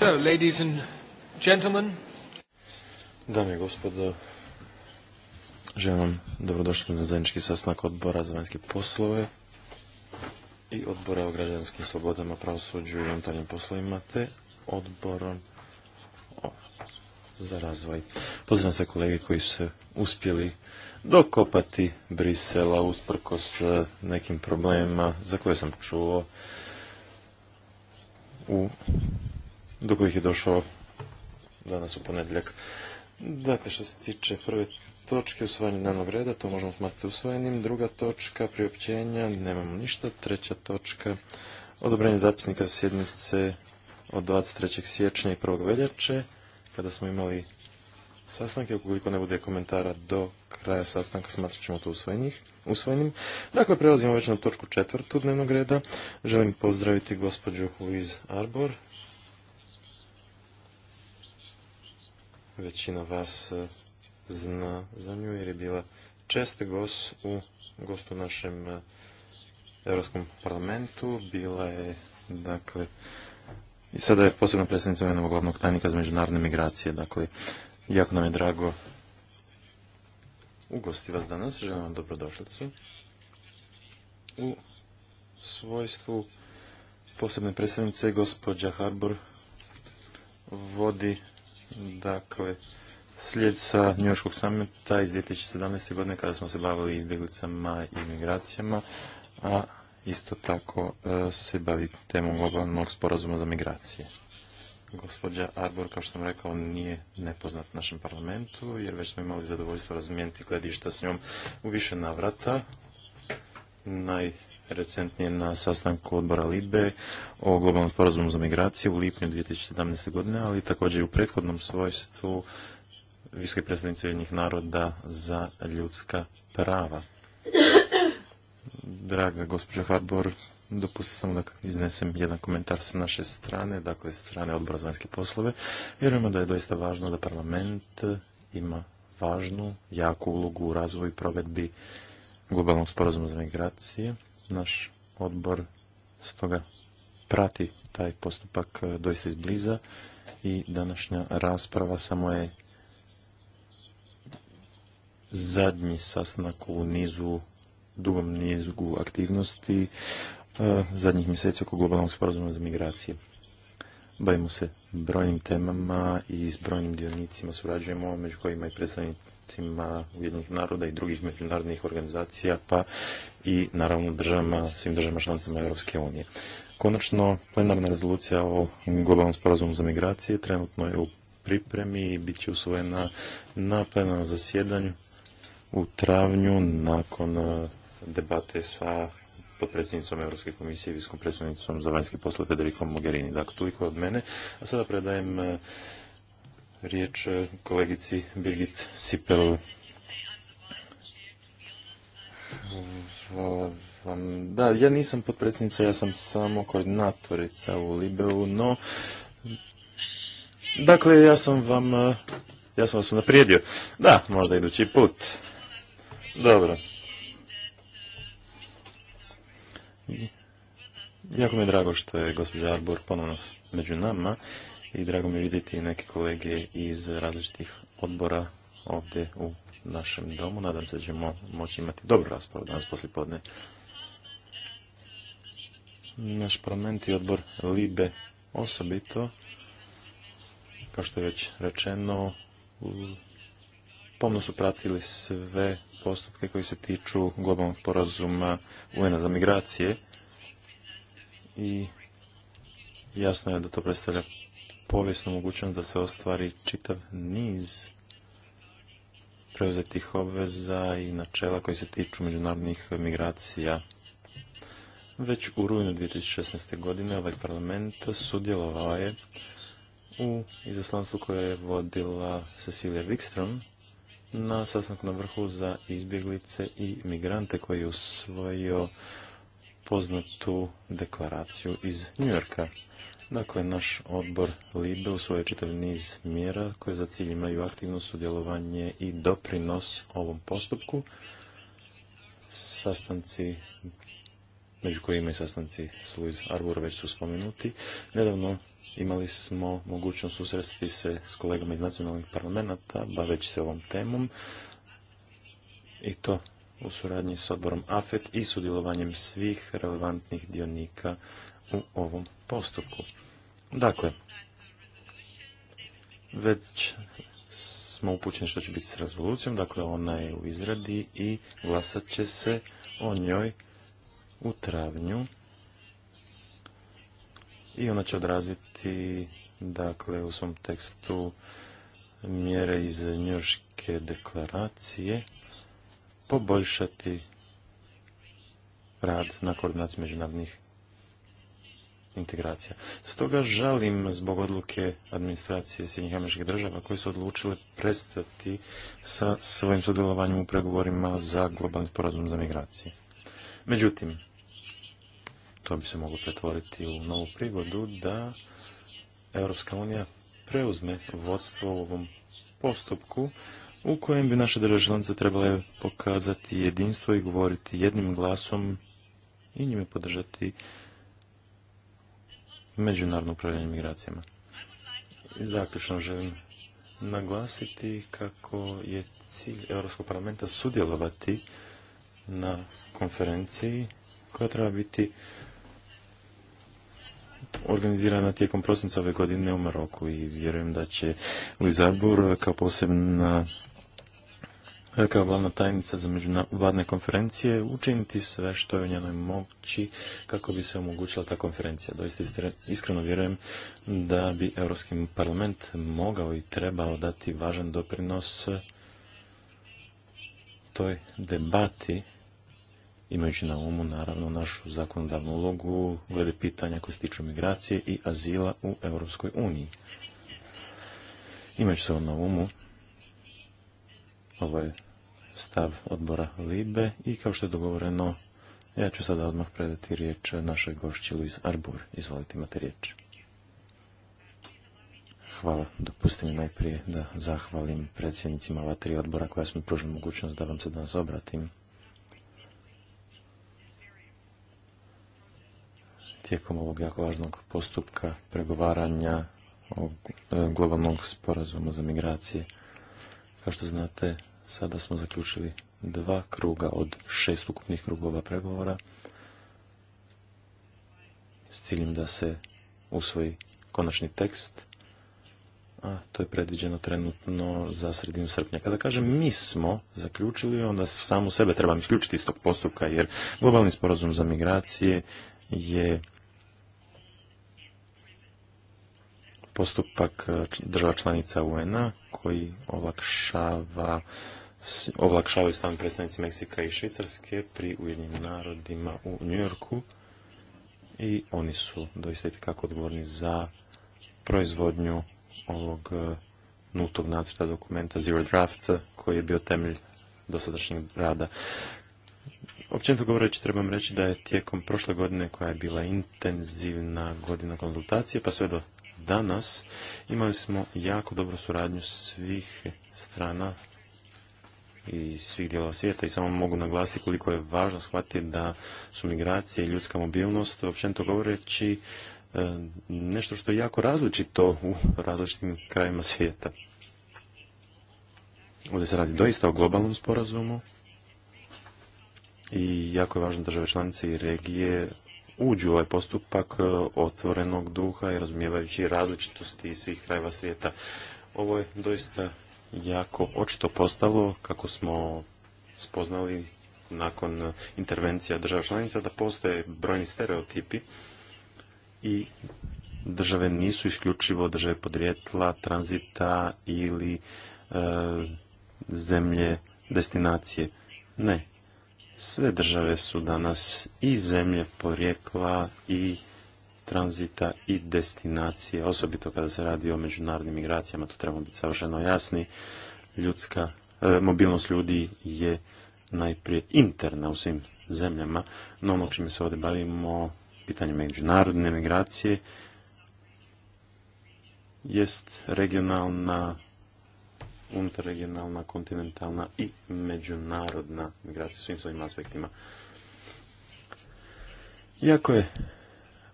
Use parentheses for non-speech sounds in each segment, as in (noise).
So, ladies and gentlemen. Dame i gospodo, želim dobrodošli na zajednički sastanak odbora za vanjske poslove i odbora o građanskim slobodama, pravosuđu i unutarnjim poslovima, te odborom za razvoj. Pozdravljam sve kolege koji su se uspjeli dokopati Brisela usprkos e, nekim problemima za koje sam čuo u do kojih je došao danas u ponedjeljak. Dakle, što se tiče prve točke usvajanje dnevnog reda, to možemo smatrati usvojenim. Druga točka, priopćenja, nemamo ništa. Treća točka, odobrenje zapisnika sjednice od 23. siječnja i 1. veljače, kada smo imali sastanke, ukoliko ne bude komentara do kraja sastanka, smatrat ćemo to usvojenih, usvojenim. Dakle, prelazimo već na točku četvrtu dnevnog reda. Želim pozdraviti gospođu Luiz Arbor, većina vas e, zna za nju jer je bila čest gost u, gost u našem e, Europskom parlamentu. Bila je, dakle, i sada je posebno predsjednica jednog glavnog tajnika za međunarodne migracije. Dakle, jako nam je drago ugosti vas danas. Želim vam dobrodošlicu. U svojstvu posebne predstavnice gospođa Harbor vodi Dakle, slijed sa Njuškog samita iz 2017. godine kada smo se bavili izbjeglicama i migracijama, a isto tako e, se bavi temom globalnog sporazuma za migracije. Gospođa Arbor, kao što sam rekao, nije nepoznat našem parlamentu, jer već smo imali zadovoljstvo razmijeniti gledišta s njom u više navrata. Naj recentnije na sastanku odbora Libe o globalnom sporazumu za migraciju u lipnju 2017. godine, ali također i u prethodnom svojstvu visoke predstavnice jednih naroda za ljudska prava. Draga gospođa Harbor, dopustite samo da iznesem jedan komentar sa naše strane, dakle strane odbora za vanjske poslove. Vjerujemo da je doista važno da parlament ima važnu, jaku ulogu u razvoju i provedbi globalnog sporazuma za migracije naš odbor stoga prati taj postupak e, doista izbliza i današnja rasprava samo je zadnji sastanak u nizu, dugom nizu aktivnosti e, zadnjih mjeseca oko globalnog sporazuma za migracije. Bavimo se brojnim temama i s brojnim dionicima surađujemo, među kojima i predstavnik aktima naroda i drugih međunarodnih organizacija, pa i naravno državama, svim državama članicama Europske unije. Konačno, plenarna rezolucija o globalnom sporazumu za migracije trenutno je u pripremi i bit će usvojena na plenarnom zasjedanju u travnju nakon e, debate sa podpredsjednicom Europske komisije i viskom predsjednicom za vanjske poslove Federikom Mogherini. Dakle, toliko od mene. A sada predajem e, riječ e, kolegici Birgit Sipel. Da, ja nisam potpredsjednica, ja sam samo koordinatorica u Libeu, no... Dakle, ja sam vam... E, ja sam vas naprijedio. Da, možda idući put. Dobro. Jako mi je drago što je gospođa Arbor ponovno među nama i drago mi je vidjeti neke kolege iz različitih odbora ovdje u našem domu. Nadam se da ćemo moći imati dobru raspravu danas poslijepodne. Naš parlament i odbor LIBE osobito, kao što je već rečeno, pomno su pratili sve postupke koji se tiču globalnog porazuma un za migracije i jasno je da to predstavlja povijesnu mogućnost da se ostvari čitav niz preuzetih obveza i načela koji se tiču međunarodnih migracija. Već u rujnu 2016. godine ovaj parlament sudjelovao je u izaslanstvu koje je vodila Cecilia Wikström na sastanku na vrhu za izbjeglice i migrante koji je usvojio poznatu deklaraciju iz Njujorka. Dakle, naš odbor LIBE usvojio čitav niz mjera koje za cilj imaju aktivno sudjelovanje i doprinos ovom postupku. Sastanci, među kojima i sastanci s Arbor već su spomenuti. Nedavno imali smo mogućnost susresti se s kolegama iz nacionalnih parlamenta, baveći se ovom temom. I to u suradnji s odborom AFET i sudjelovanjem svih relevantnih dionika u ovom postupku. Dakle, već smo upućeni što će biti s rezolucijom, dakle ona je u izradi i glasat će se o njoj u travnju i ona će odraziti dakle u svom tekstu mjere iz njoške deklaracije poboljšati rad na koordinaciji međunarodnih integracija. Stoga žalim zbog odluke administracije Sjednjih američkih država koje su odlučile prestati sa svojim sudjelovanjem u pregovorima za globalni sporazum za migracije. Međutim, to bi se moglo pretvoriti u novu prigodu da Europska unija preuzme vodstvo u ovom postupku u kojem bi naše države članice trebale pokazati jedinstvo i govoriti jednim glasom i njime podržati međunarodno upravljanje migracijama. Zaključno želim naglasiti kako je cilj Europskog parlamenta sudjelovati na konferenciji koja treba biti organizirana tijekom prosinca ove godine u Maroku i vjerujem da će Luis kao posebna E, kao glavna tajnica za međunarodne konferencije učiniti sve što je u njenoj moći kako bi se omogućila ta konferencija. Doista iskreno vjerujem da bi Europski parlament mogao i trebao dati važan doprinos toj debati imajući na umu naravno našu zakonodavnu ulogu glede pitanja koje se tiču migracije i azila u Europskoj uniji. Imajući se na umu ovo je stav odbora Libe i kao što je dogovoreno, ja ću sada odmah predati riječ našoj gošći Luis Arbur. Izvolite, imate riječ. Hvala. Dopustite mi najprije da zahvalim predsjednicima ova tri odbora koja su mi pružili mogućnost da vam se danas obratim. Tijekom ovog jako važnog postupka pregovaranja o e, globalnog sporazuma za migracije, kao što znate, Sada smo zaključili dva kruga od šest ukupnih krugova pregovora s ciljem da se usvoji konačni tekst, a to je predviđeno trenutno za sredinu srpnja. Kada kažem mi smo zaključili, onda samo sebe trebam isključiti iz tog postupka, jer globalni sporazum za migracije je postupak eh, država članica UN-a koji olakšava olakšavaju stan predstavnici Meksika i Švicarske pri Ujedinjenim narodima u Yorku i oni su doista kako odgovorni za proizvodnju ovog e, nultog nacrta dokumenta Zero Draft koji je bio temelj dosadašnjeg rada. Općenito govoreći trebam reći da je tijekom prošle godine koja je bila intenzivna godina konzultacije pa sve do danas imali smo jako dobru suradnju svih strana i svih dijelova svijeta i samo mogu naglasiti koliko je važno shvatiti da su migracije i ljudska mobilnost, općenito govoreći, e, nešto što je jako različito u različitim krajima svijeta. Ovdje se radi doista o globalnom sporazumu i jako je važno države članice i regije uđu u ovaj postupak e, otvorenog duha i razumijevajući različitosti svih krajeva svijeta. Ovo je doista jako očito postalo kako smo spoznali nakon intervencija država članica da postoje brojni stereotipi i države nisu isključivo države podrijetla, tranzita ili e, zemlje destinacije. Ne, sve države su danas i zemlje porijekla i tranzita i destinacije, osobito kada se radi o međunarodnim migracijama, to trebamo biti savršeno jasni. Ljudska e, mobilnost ljudi je najprije interna u svim zemljama, no ono čime se ovdje bavimo, pitanje međunarodne migracije, jest regionalna unutarregionalna, kontinentalna i međunarodna migracija u svim svojim aspektima. Iako je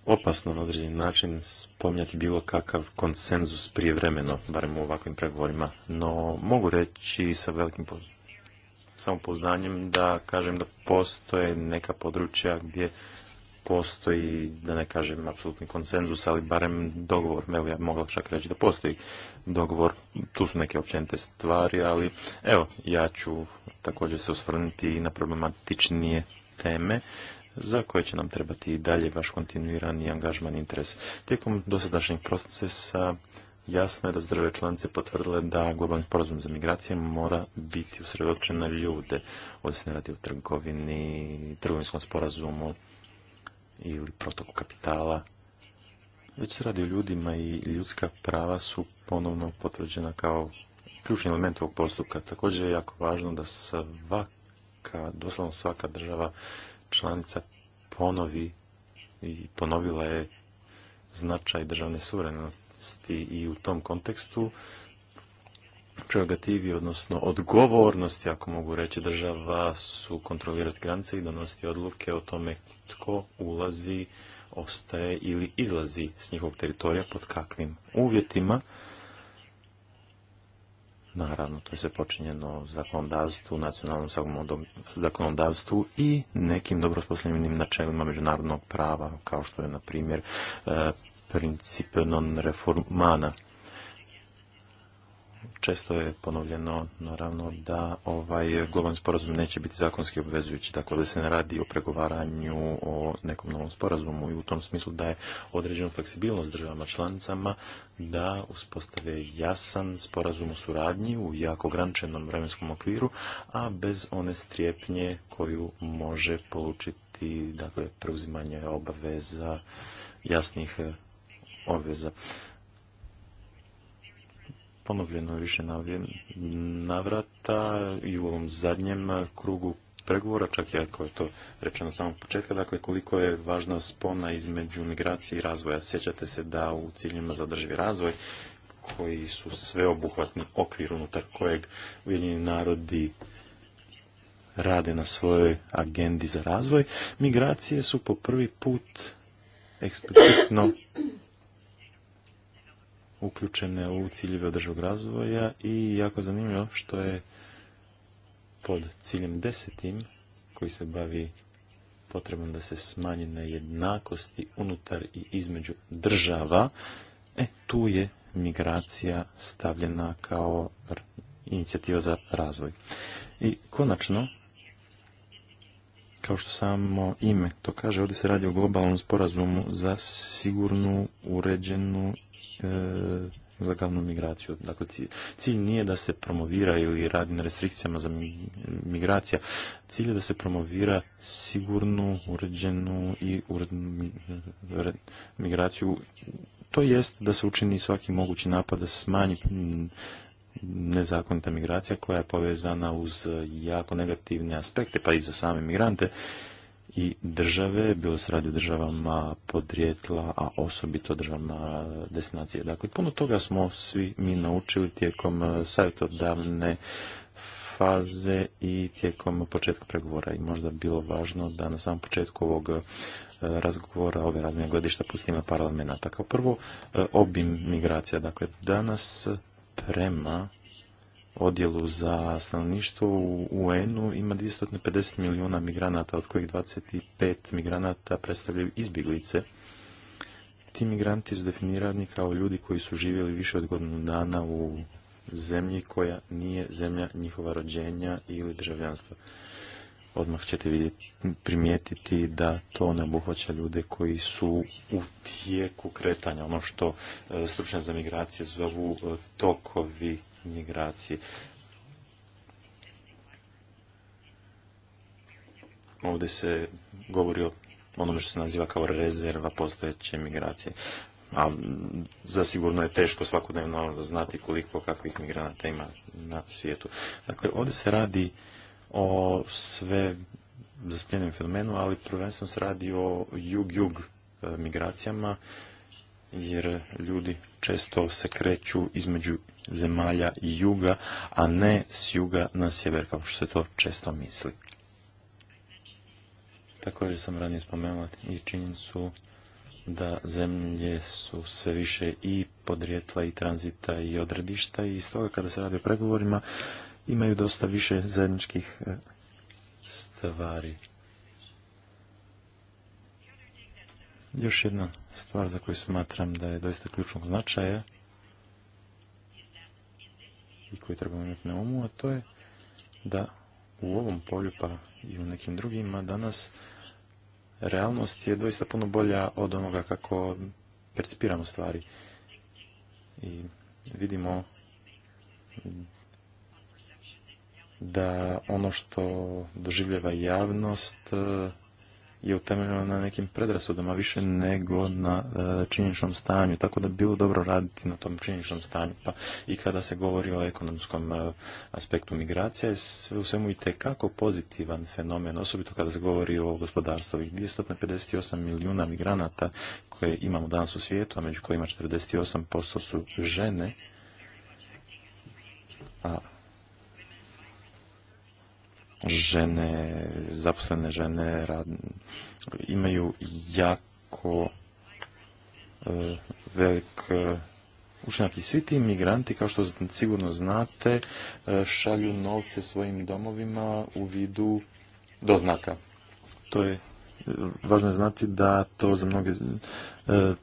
opasno na određen način spominjati bilo kakav konsenzus prijevremeno, barem u ovakvim pregovorima, no mogu reći sa velikim samopoznanjem da kažem da postoje neka područja gdje postoji, da ne kažem, apsolutni konsenzus, ali barem dogovor, evo ja mogla čak reći da postoji dogovor, tu su neke općenite stvari, ali evo, ja ću također se osvrnuti i na problematičnije teme za koje će nam trebati i dalje vaš kontinuirani angažman i interes. Tijekom dosadašnjeg procesa jasno je da su države članice potvrdile da globalni sporazum za migracije mora biti usredočen na ljude. Ovdje se ne radi o trgovini, trgovinskom sporazumu, ili protok kapitala. Već se radi o ljudima i ljudska prava su ponovno potvrđena kao ključni element ovog postupka. Također je jako važno da svaka, doslovno svaka država članica ponovi i ponovila je značaj državne suverenosti i u tom kontekstu prerogativi, odnosno odgovornosti, ako mogu reći, država su kontrolirati granice i donositi odluke o tome tko ulazi, ostaje ili izlazi s njihovog teritorija, pod kakvim uvjetima. Naravno, to je se počinjeno u zakonodavstvu, nacionalnom zakonodavstvu i nekim dobro načelima međunarodnog prava, kao što je, na primjer, e, princip non-reformana često je ponovljeno naravno da ovaj globalni sporazum neće biti zakonski obvezujući, dakle da se ne radi o pregovaranju o nekom novom sporazumu i u tom smislu da je određena fleksibilnost državama članicama da uspostave jasan sporazum o suradnji u jako ograničenom vremenskom okviru, a bez one strijepnje koju može polučiti dakle preuzimanje obaveza jasnih obveza ponovljeno više navrata i u ovom zadnjem krugu pregovora, čak i ako je to rečeno samog početka, dakle koliko je važna spona između migracije i razvoja. Sjećate se da u ciljima za razvoj koji su sveobuhvatni okvir unutar kojeg Ujedinjeni narodi rade na svojoj agendi za razvoj, migracije su po prvi put eksplicitno uključene u ciljeve održivog razvoja i jako zanimljivo što je pod ciljem desetim koji se bavi potrebom da se smanji jednakosti unutar i između država, e, tu je migracija stavljena kao inicijativa za razvoj. I konačno, kao što samo ime to kaže, ovdje se radi o globalnom sporazumu za sigurnu, uređenu ilegalnu e, migraciju. Dakle, cilj nije da se promovira ili radi na restrikcijama za migracija. Cilj je da se promovira sigurnu, uređenu i urednu migraciju. To jest da se učini svaki mogući napad da se smanji nezakonita migracija koja je povezana uz jako negativne aspekte, pa i za same migrante i države, bilo se radi o državama podrijetla, a osobito državama destinacije. Dakle, puno toga smo svi mi naučili tijekom eh, savjetodavne faze i tijekom početka pregovora i možda bilo važno da na samom početku ovog eh, razgovora ove razmjene gledišta pustimo parlamenta. Kao prvo, eh, obim migracija. Dakle, danas prema odjelu za stanovništvo u UN-u ima 250 milijuna migranata, od kojih 25 migranata predstavljaju izbjeglice. Ti migranti su definirani kao ljudi koji su živjeli više od godinu dana u zemlji koja nije zemlja njihova rođenja ili državljanstva. Odmah ćete primijetiti da to ne obuhvaća ljude koji su u tijeku kretanja, ono što e, stručnja za migracije zovu e, tokovi migracije. Ovdje se govori o onome što se naziva kao rezerva postojeće migracije. A zasigurno je teško svakodnevno znati koliko kakvih migranata ima na svijetu. Dakle, ovdje se radi o sve zaspljenim fenomenu, ali prvenstveno se radi o jug-jug e, migracijama jer ljudi često se kreću između zemalja i juga, a ne s juga na sjever, kao što se to često misli. Također sam ranije spomenula i činjenicu da zemlje su sve više i podrijetla i tranzita i odredišta i stoga kada se radi o pregovorima imaju dosta više zajedničkih e, stvari. Još jedna stvar za koju smatram da je doista ključnog značaja i koju trebamo imati na umu, a to je da u ovom polju pa i u nekim drugima danas realnost je doista puno bolja od onoga kako percipiramo stvari. I vidimo da ono što doživljava javnost je utemeljeno na nekim predrasudama više nego na e, činjeničnom stanju, tako da bi bilo dobro raditi na tom činjeničnom stanju. Pa i kada se govori o ekonomskom e, aspektu migracija, sve u svemu i tekako pozitivan fenomen, osobito kada se govori o gospodarstvu. 258 milijuna migranata koje imamo danas u svijetu, a među kojima 48% su žene, a žene, zaposlene žene rad, imaju jako e, velik e, učinak. I svi ti migranti, kao što sigurno znate, e, šalju novce svojim domovima u vidu doznaka. To je e, važno je znati da to za mnoge e,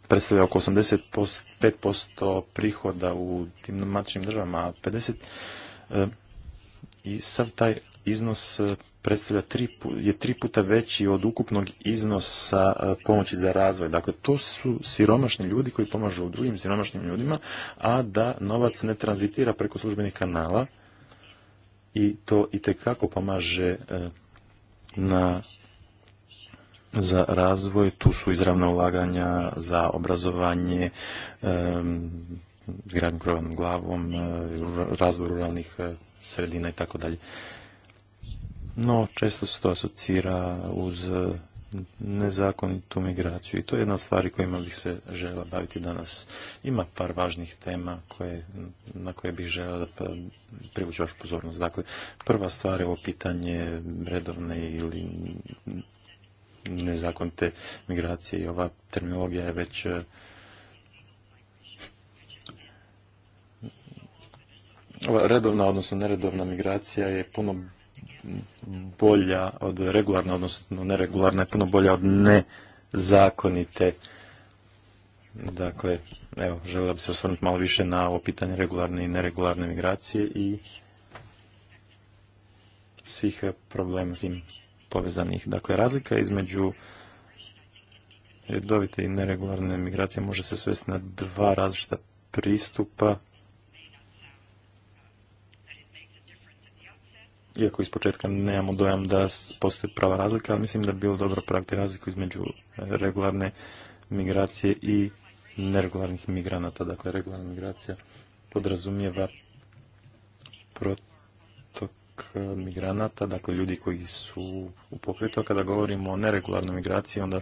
predstavlja oko 85% prihoda u tim matičnim državama, a 50% i sav taj iznos e, predstavlja tri, je tri puta veći od ukupnog iznosa e, pomoći za razvoj. Dakle, to su siromašni ljudi koji pomažu drugim siromašnim ljudima, a da novac ne tranzitira preko službenih kanala i to i tekako pomaže e, na za razvoj, tu su izravna ulaganja za obrazovanje, zgradnju krovanom glavom, razvoj ruralnih sredina i tako dalje no često se to asocira uz e, nezakonitu migraciju i to je jedna od stvari kojima bih se žela baviti danas. Ima par važnih tema koje, na koje bih žela da pa, privući vašu pozornost. Dakle, prva stvar je ovo pitanje redovne ili nezakonite migracije i ova terminologija je već e, redovna, odnosno neredovna migracija je puno bolja od regularne, odnosno neregularna je puno bolja od nezakonite. Dakle, evo, želio bih se osvrnuti malo više na ovo pitanje regularne i neregularne migracije i svih problema tim povezanih. Dakle, razlika između redovite i neregularne migracije može se svesti na dva različita pristupa iako ispočetka nemamo dojam da postoji prava razlika, ali mislim da bi bilo dobro praviti razliku između regularne migracije i neregularnih migranata. Dakle, regularna migracija podrazumijeva protok e, migranata, dakle ljudi koji su u pokretu, a kada govorimo o neregularnoj migraciji, onda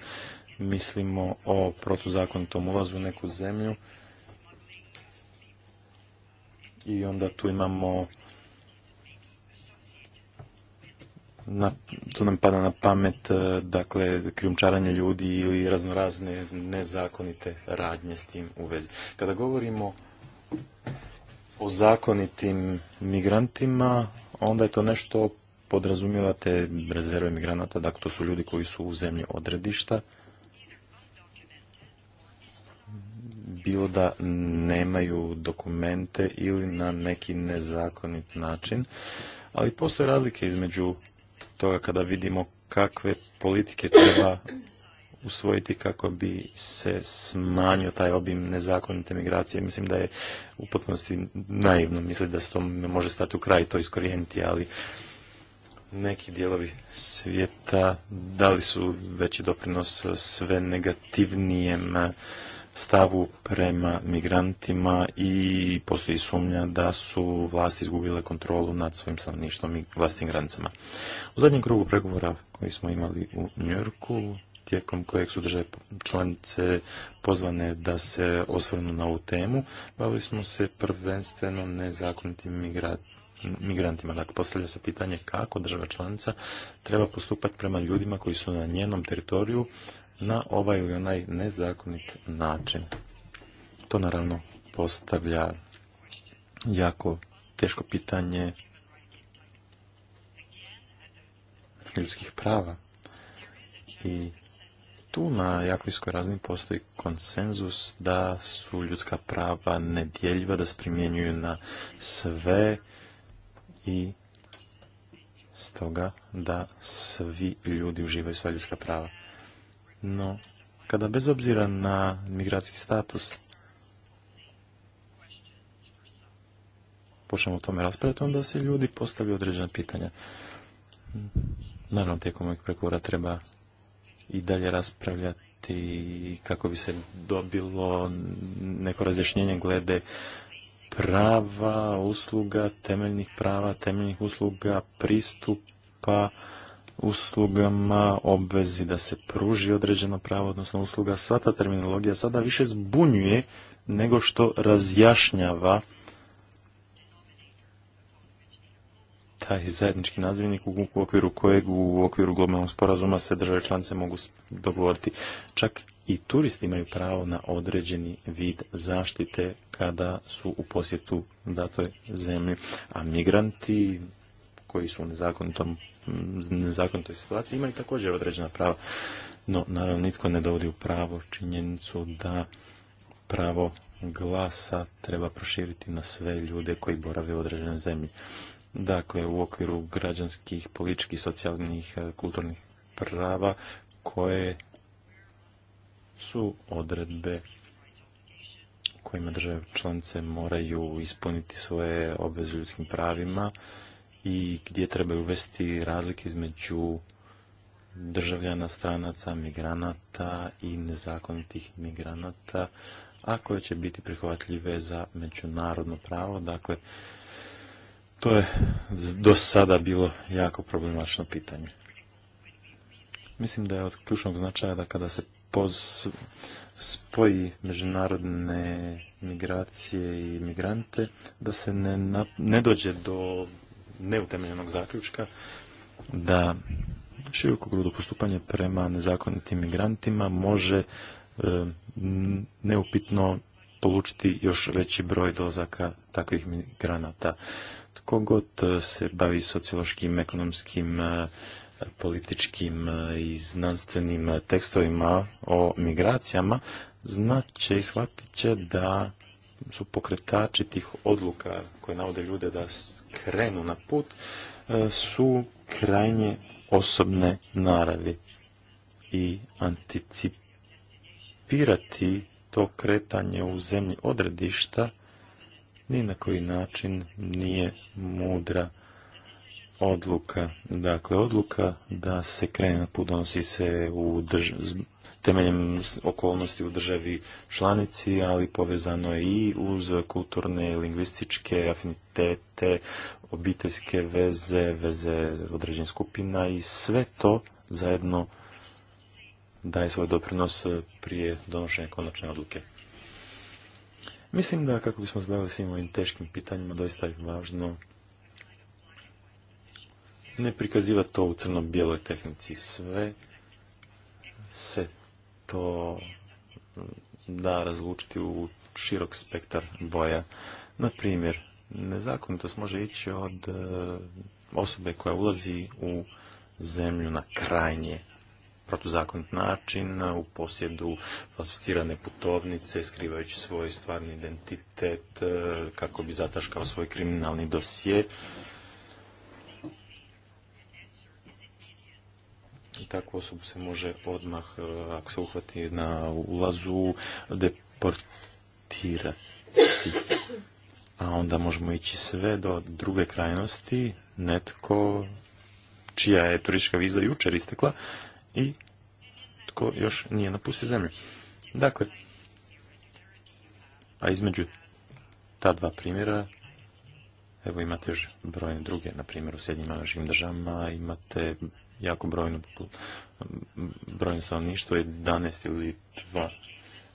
mislimo o protuzakonitom ulazu u neku zemlju i onda tu imamo na, tu nam pada na pamet e, dakle krijumčaranje ljudi ili raznorazne nezakonite radnje s tim u vezi. Kada govorimo o zakonitim migrantima, onda je to nešto podrazumijevate rezerve migranata, dakle to su ljudi koji su u zemlji odredišta, bilo da nemaju dokumente ili na neki nezakonit način, ali postoje razlike između toga kada vidimo kakve politike treba usvojiti kako bi se smanjio taj obim nezakonite migracije. Mislim da je u potpunosti naivno misliti da se to može stati u kraj i to iskorijeniti, ali neki dijelovi svijeta dali su veći doprinos sve negativnijem stavu prema migrantima i postoji sumnja da su vlasti izgubile kontrolu nad svojim stanovništvom i vlastnim granicama. U zadnjem krugu pregovora koji smo imali u Njorku, tijekom kojeg su države članice pozvane da se osvrnu na ovu temu, bavili smo se prvenstveno nezakonitim migrantima. Dakle, postavlja se pitanje kako država članica treba postupati prema ljudima koji su na njenom teritoriju, na ovaj ili onaj nezakonit način. To naravno postavlja jako teško pitanje ljudskih prava. I tu na jako viskoj razini postoji konsenzus da su ljudska prava nedjeljiva, da se primjenjuju na sve i stoga da svi ljudi uživaju sva ljudska prava. No, kada bez obzira na migracijski status počnemo o tome raspravljati, onda se ljudi postavljaju određena pitanja. Naravno, tijekom ovih pregovora treba i dalje raspravljati kako bi se dobilo neko razjašnjenje glede prava, usluga, temeljnih prava, temeljnih usluga, pristupa, uslugama, obvezi da se pruži određeno pravo, odnosno usluga, sva ta terminologija sada više zbunjuje nego što razjašnjava taj zajednički nazivnik u okviru kojeg u okviru globalnog sporazuma se države članice mogu dogovoriti. Čak i turisti imaju pravo na određeni vid zaštite kada su u posjetu datoj zemlji, a migranti koji su u nezakonitom nezakonitoj situaciji imaju također određena prava. No, naravno, nitko ne dovodi u pravo činjenicu da pravo glasa treba proširiti na sve ljude koji borave u određenoj zemlji. Dakle, u okviru građanskih, političkih, socijalnih, e, kulturnih prava koje su odredbe kojima države članice moraju ispuniti svoje obveze ljudskim pravima i gdje treba uvesti razlike između državljana, stranaca, migranata i nezakonitih migranata, a koje će biti prihvatljive za međunarodno pravo. Dakle, to je do sada bilo jako problematično pitanje. Mislim da je od ključnog značaja da kada se spoji međunarodne migracije i migrante, da se ne, ne dođe do neutemeljenog zaključka da široko grudo postupanje prema nezakonitim migrantima može e, neupitno polučiti još veći broj dozaka takvih migranata. Tko god e, se bavi sociološkim, ekonomskim, e, političkim i znanstvenim tekstovima o migracijama, znaće i shvatit će da su pokretači tih odluka koje navode ljude da krenu na put, e, su krajnje osobne naravi i anticipirati to kretanje u zemlji odredišta ni na koji način nije mudra odluka. Dakle, odluka da se krene na put donosi se u temeljem okolnosti u državi članici, ali povezano je i uz kulturne, lingvističke afinitete, obiteljske veze, veze određenih skupina i sve to zajedno daje svoj doprinos e, prije donošenja konačne odluke. Mislim da kako bismo zbavili svim ovim teškim pitanjima, doista je važno ne prikazivati to u crno-bijeloj tehnici. Sve se to mm, da razlučiti u širok spektar boja. Na primjer, nezakonitost može ići od e, osobe koja ulazi u zemlju na krajnje protuzakonit način, u posjedu falsificirane putovnice, skrivajući svoj stvarni identitet e, kako bi zataškao svoj kriminalni dosje I dakle, takvu osobu se može odmah, e, ako se uhvati na ulazu, deportirati. A onda možemo ići sve do druge krajnosti, netko čija je turistička viza jučer istekla i tko još nije napustio zemlju. Dakle, a između ta dva primjera Evo imate još brojne druge, na primjer u Sjednjim našim državama imate jako brojno, brojno stanovništvo, 11 ili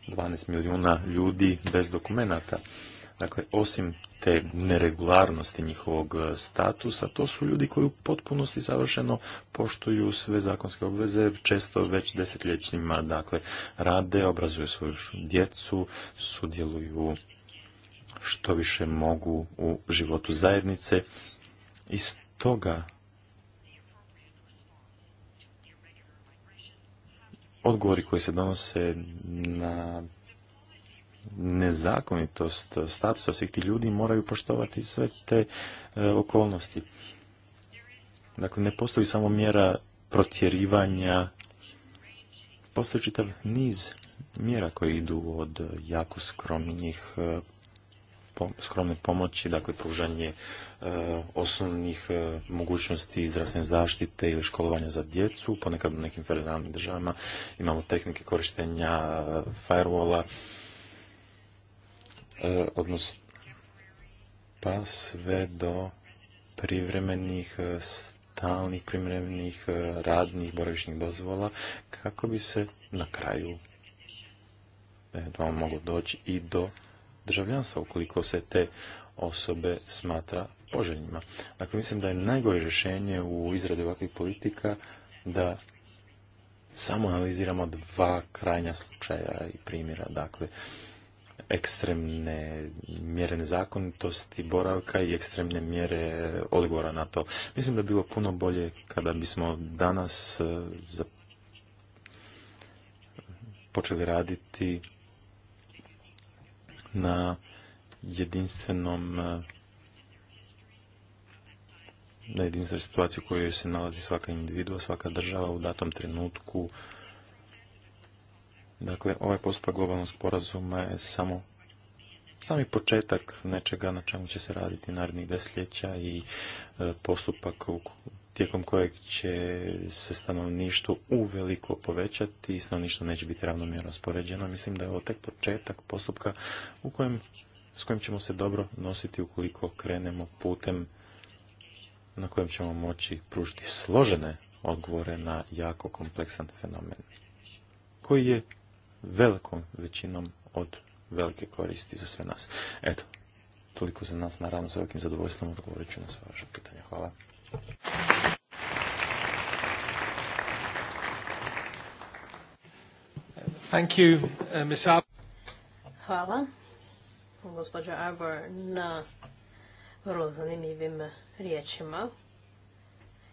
12 milijuna ljudi bez dokumenata. Dakle, osim te neregularnosti njihovog e, statusa, to su ljudi koji u potpunosti savršeno poštuju sve zakonske obveze, često već desetljećnima, dakle, rade, obrazuju svoju djecu, sudjeluju što više mogu u životu zajednice. I stoga odgovori koji se donose na nezakonitost statusa svih tih ljudi moraju poštovati sve te e, okolnosti. Dakle, ne postoji samo mjera protjerivanja, postoji čitav niz mjera koje idu od jako skromnih e, skromne pomoći, dakle pružanje e, osnovnih e, mogućnosti zdravstvene zaštite ili školovanja za djecu, ponekad u nekim federalnim državama imamo tehnike korištenja e, firewalla, odnosno pa sve do privremenih stalnih, privremenih radnih boravišnih dozvola kako bi se na kraju moglo doći i do državljanstva ukoliko se te osobe smatra poželjnjima. Dakle, mislim da je najgore rješenje u izradi ovakvih politika da samo analiziramo dva krajnja slučaja i primjera. Dakle, ekstremne mjere nezakonitosti boravka i ekstremne mjere oligora na to. Mislim da bi bilo puno bolje kada bismo danas eh, počeli raditi na jedinstvenom eh, na jedinstvenoj situaciju u kojoj se nalazi svaka individua, svaka država u datom trenutku. Dakle, ovaj postupak globalnog sporazuma je samo sami početak nečega na čemu će se raditi narednih desetljeća i eh, postupak tijekom kojeg će se stanovništvo uveliko povećati i stanovništvo neće biti ravnomjerno raspoređeno. Mislim da je ovo tek početak postupka u kojem, s kojim ćemo se dobro nositi ukoliko krenemo putem na kojem ćemo moći pružiti složene odgovore na jako kompleksan fenomen koji je velikom većinom od velike koristi za sve nas. Eto, toliko za nas, naravno, s velikim zadovoljstvom odgovorit ću na sva vaša pitanja. Hvala. Uh, Hvala, gospođo Arbor, na vrlo zanimljivim riječima.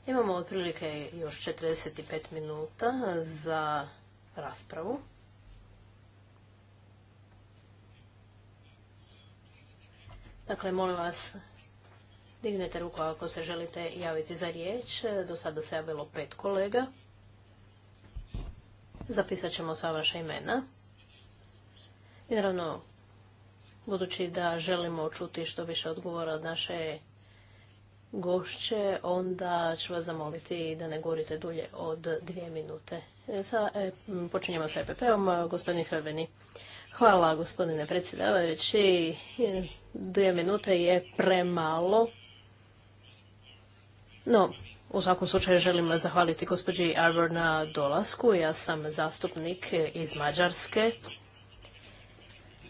Imamo otprilike još 45 minuta za raspravu. Dakle, molim vas Dignete ruku ako se želite javiti za riječ. Do sada se javilo pet kolega. Zapisat ćemo sva vaša imena. I naravno, budući da želimo čuti što više odgovora od naše gošće, onda ću vas zamoliti da ne govorite dulje od dvije minute. E, sa, e, počinjemo sa EPP-om, gospodin Hrveni. Hvala, gospodine predsjedavajući. Dvije minute je premalo no, u svakom slučaju želim zahvaliti gospođi Arbor na dolasku. Ja sam zastupnik iz Mađarske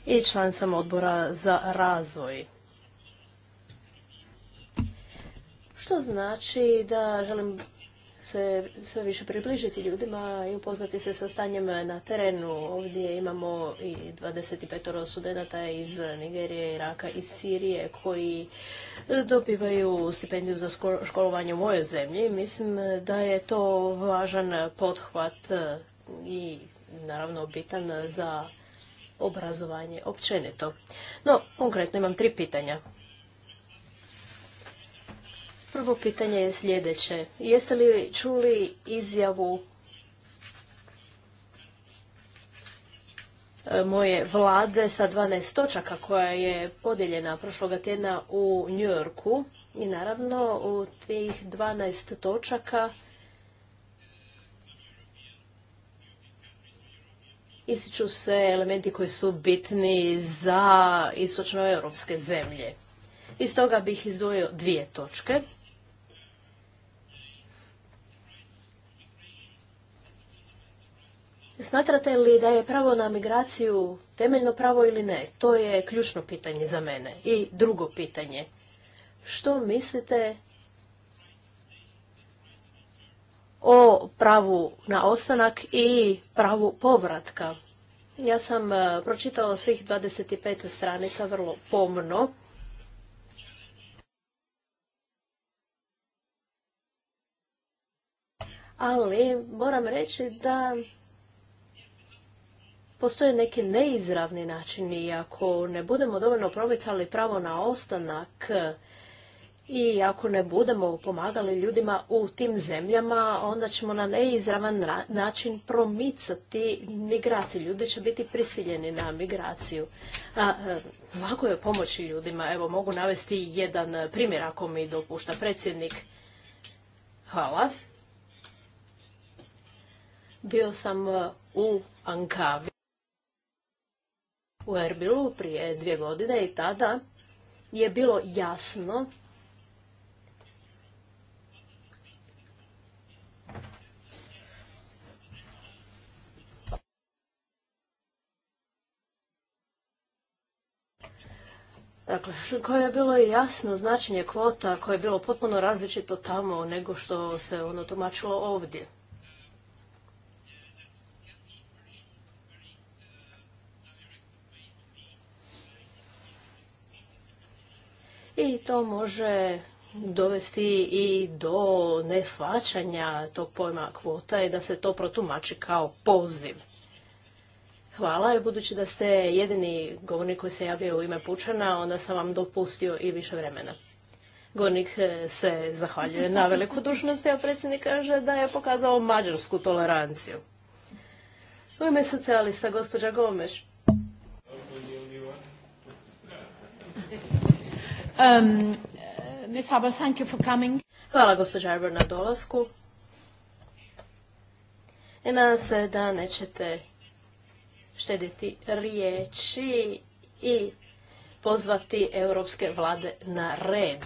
i član sam odbora za razvoj. Što znači da želim se sve više približiti ljudima i upoznati se sa stanjem na terenu. Ovdje imamo i 25 studenata iz Nigerije, Iraka i Sirije koji dobivaju stipendiju za školovanje u mojoj zemlji. Mislim da je to važan pothvat i naravno bitan za obrazovanje općenito. No, konkretno imam tri pitanja. Prvo pitanje je sljedeće. Jeste li čuli izjavu e, moje vlade sa 12 točaka koja je podijeljena prošloga tjedna u New Yorku I naravno u tih 12 točaka ističu se elementi koji su bitni za istočnoeuropske zemlje. Iz toga bih izdvojio dvije točke. Smatrate li da je pravo na migraciju temeljno pravo ili ne? To je ključno pitanje za mene. I drugo pitanje. Što mislite o pravu na ostanak i pravu povratka? Ja sam e, pročitao svih 25 stranica vrlo pomno. Ali moram reći da postoje neki neizravni načini i ako ne budemo dovoljno promicali pravo na ostanak i ako ne budemo pomagali ljudima u tim zemljama, onda ćemo na neizravan način promicati migraciju. Ljudi će biti prisiljeni na migraciju. A, e, lako je pomoći ljudima. Evo, mogu navesti jedan primjer ako mi dopušta predsjednik. Hvala. Bio sam u Ankavi u Erbilu prije dvije godine i tada je bilo jasno Dakle, koje je bilo jasno značenje kvota koje je bilo potpuno različito tamo nego što se ono tumačilo ovdje. i to može dovesti i do neshvaćanja tog pojma kvota i da se to protumači kao poziv. Hvala, budući da ste jedini govornik koji se javio u ime Pučana, onda sam vam dopustio i više vremena. Govornik e, se zahvaljuje na veliku dužnosti, a predsjednik kaže da je pokazao mađarsku toleranciju. U ime socijalista, gospođa Gomeš. Um, Hvala gospođa Arbor na dolasku. I nadam se da nećete štediti riječi i pozvati europske vlade na red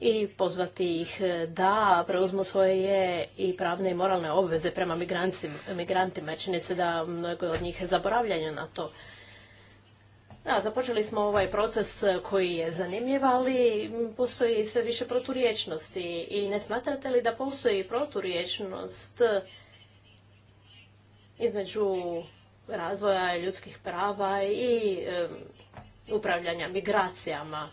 i pozvati ih da preuzmu svoje je i pravne i moralne obveze prema migrantima. Čini se da mnogo od njih zaboravljaju na to. Da, započeli smo ovaj proces e, koji je zanimljiv, ali postoji sve više proturječnosti. I ne smatrate li da postoji proturiječnost e, između razvoja ljudskih prava i e, upravljanja migracijama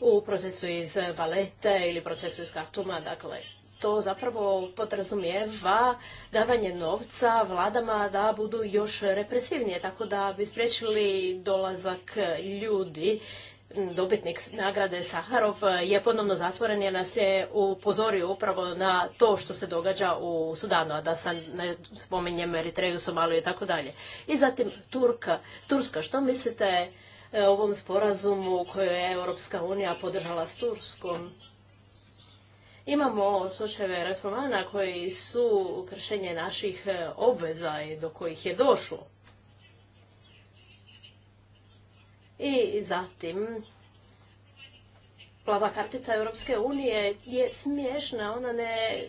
u procesu iz Valete ili procesu iz Kartuma, dakle, to zapravo podrazumijeva davanje novca vladama da budu još represivnije, tako da bi spriječili dolazak ljudi. Dobitnik nagrade Saharov je ponovno zatvoren jer nas je upozorio upravo na to što se događa u Sudanu, a da sam ne spominjem Eritreju, Somaliju i tako dalje. I zatim Turka, Turska, što mislite e, o ovom sporazumu koju je Europska unija podržala s Turskom? Imamo slučajeve reformana koji su kršenje naših e, obveza i do kojih je došlo. I zatim, plava kartica Europske unije je smiješna, ona ne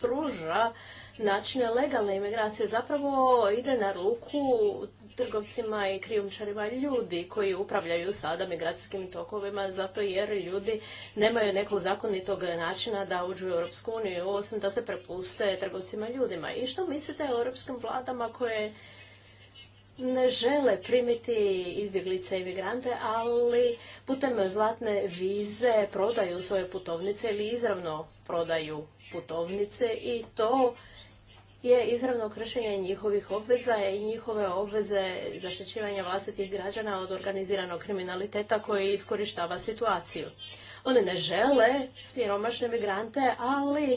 pruža načine legalne imigracije. Zapravo ide na ruku trgovcima i krijumčarima ljudi koji upravljaju sada migracijskim tokovima zato jer ljudi nemaju nekog zakonitog načina da uđu u Europsku uniju osim da se prepuste trgovcima ljudima. I što mislite o europskim vladama koje ne žele primiti izbjeglice i migrante, ali putem zlatne vize prodaju svoje putovnice ili izravno prodaju putovnice i to je izravno kršenje njihovih obveza i njihove obveze zaštićivanja vlastitih građana od organiziranog kriminaliteta koji iskorištava situaciju. Oni ne žele siromašne migrante, ali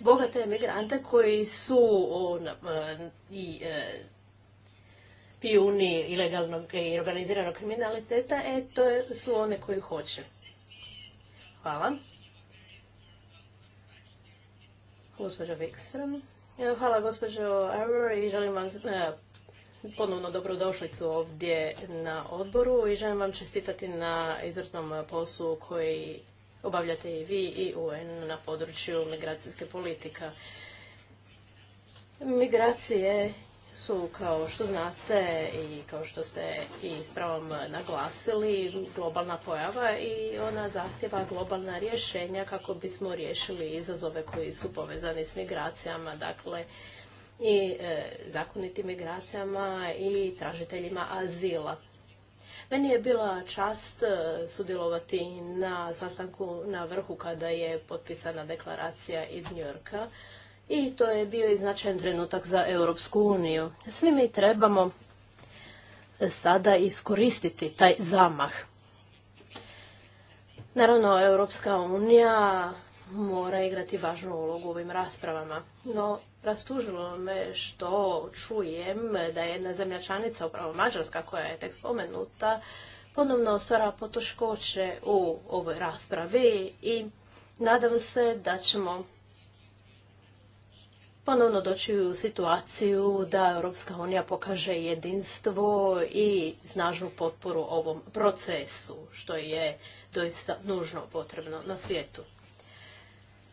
bogate migrante koji su e, i e, pijuni ilegalnog i organiziranog kriminaliteta, e, to su one koji hoće. Hvala. Gospođa Vikstrom. Hvala gospođo Arbor i želim vam e, ponovno dobrodošlicu ovdje na odboru i želim vam čestitati na izvrsnom poslu koji obavljate i vi i UN na području migracijske politika. Migracije su, kao što znate i kao što ste i s pravom naglasili, globalna pojava i ona zahtjeva globalna rješenja kako bismo riješili izazove koji su povezani s migracijama, dakle i e, zakonitim migracijama i tražiteljima azila. Meni je bila čast e, sudjelovati na sastanku na vrhu kada je potpisana deklaracija iz Njorka i to je bio i značajan trenutak za Europsku uniju. Svi mi trebamo sada iskoristiti taj zamah. Naravno, Europska unija mora igrati važnu ulogu u ovim raspravama. No, rastužilo me što čujem da je jedna zemlja članica, upravo Mađarska koja je tek spomenuta, ponovno stvara poteškoće u ovoj raspravi i nadam se da ćemo ponovno doći u situaciju da Europska unija pokaže jedinstvo i snažnu potporu ovom procesu, što je doista nužno potrebno na svijetu.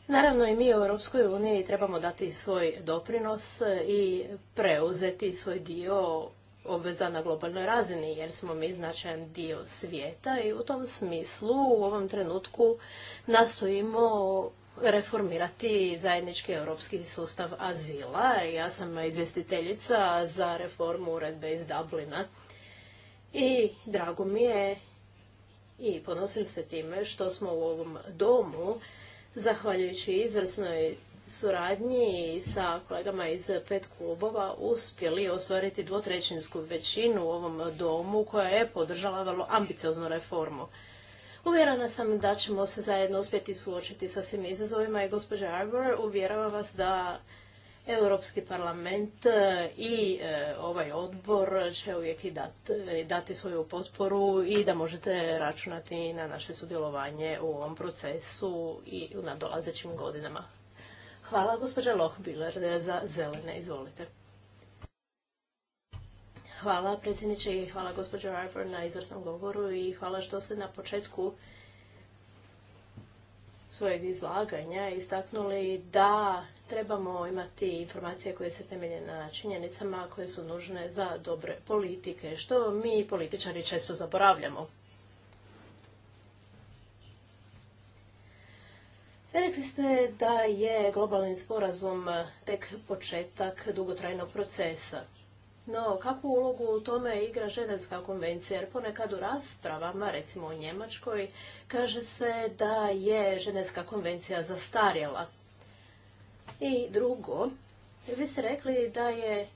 Naravno i mi u Europskoj uniji trebamo dati svoj doprinos i preuzeti svoj dio obveza na globalnoj razini, jer smo mi značajan dio svijeta i u tom smislu u ovom trenutku nastojimo reformirati zajednički europski sustav azila. Ja sam izvjestiteljica za reformu uredbe iz Dublina i drago mi je i ponosim se time što smo u ovom domu, zahvaljujući izvrsnoj suradnji sa kolegama iz pet klubova uspjeli ostvariti dvotrećinsku većinu u ovom domu koja je podržala vrlo ambicioznu reformu. Uvjerena sam da ćemo se zajedno uspjeti suočiti sa svim izazovima i gospođa Arbor uvjerava vas da Europski parlament e, i e, ovaj odbor će uvijek i dati, svoju potporu i da možete računati na naše sudjelovanje u ovom procesu i u nadolazećim godinama. Hvala gospođa Lohbiler za zelene. Izvolite. Hvala predsjedniče i hvala gospođo Harper na izvrsnom govoru i hvala što ste na početku svojeg izlaganja istaknuli da trebamo imati informacije koje se temelje na činjenicama koje su nužne za dobre politike, što mi političari često zaboravljamo. Rekli ste da je globalni sporazum tek početak dugotrajnog procesa. No, kakvu ulogu u tome igra Ženevska konvencija? Jer ponekad u raspravama, recimo u Njemačkoj, kaže se da je Ženevska konvencija zastarjela. I drugo, vi ste rekli da je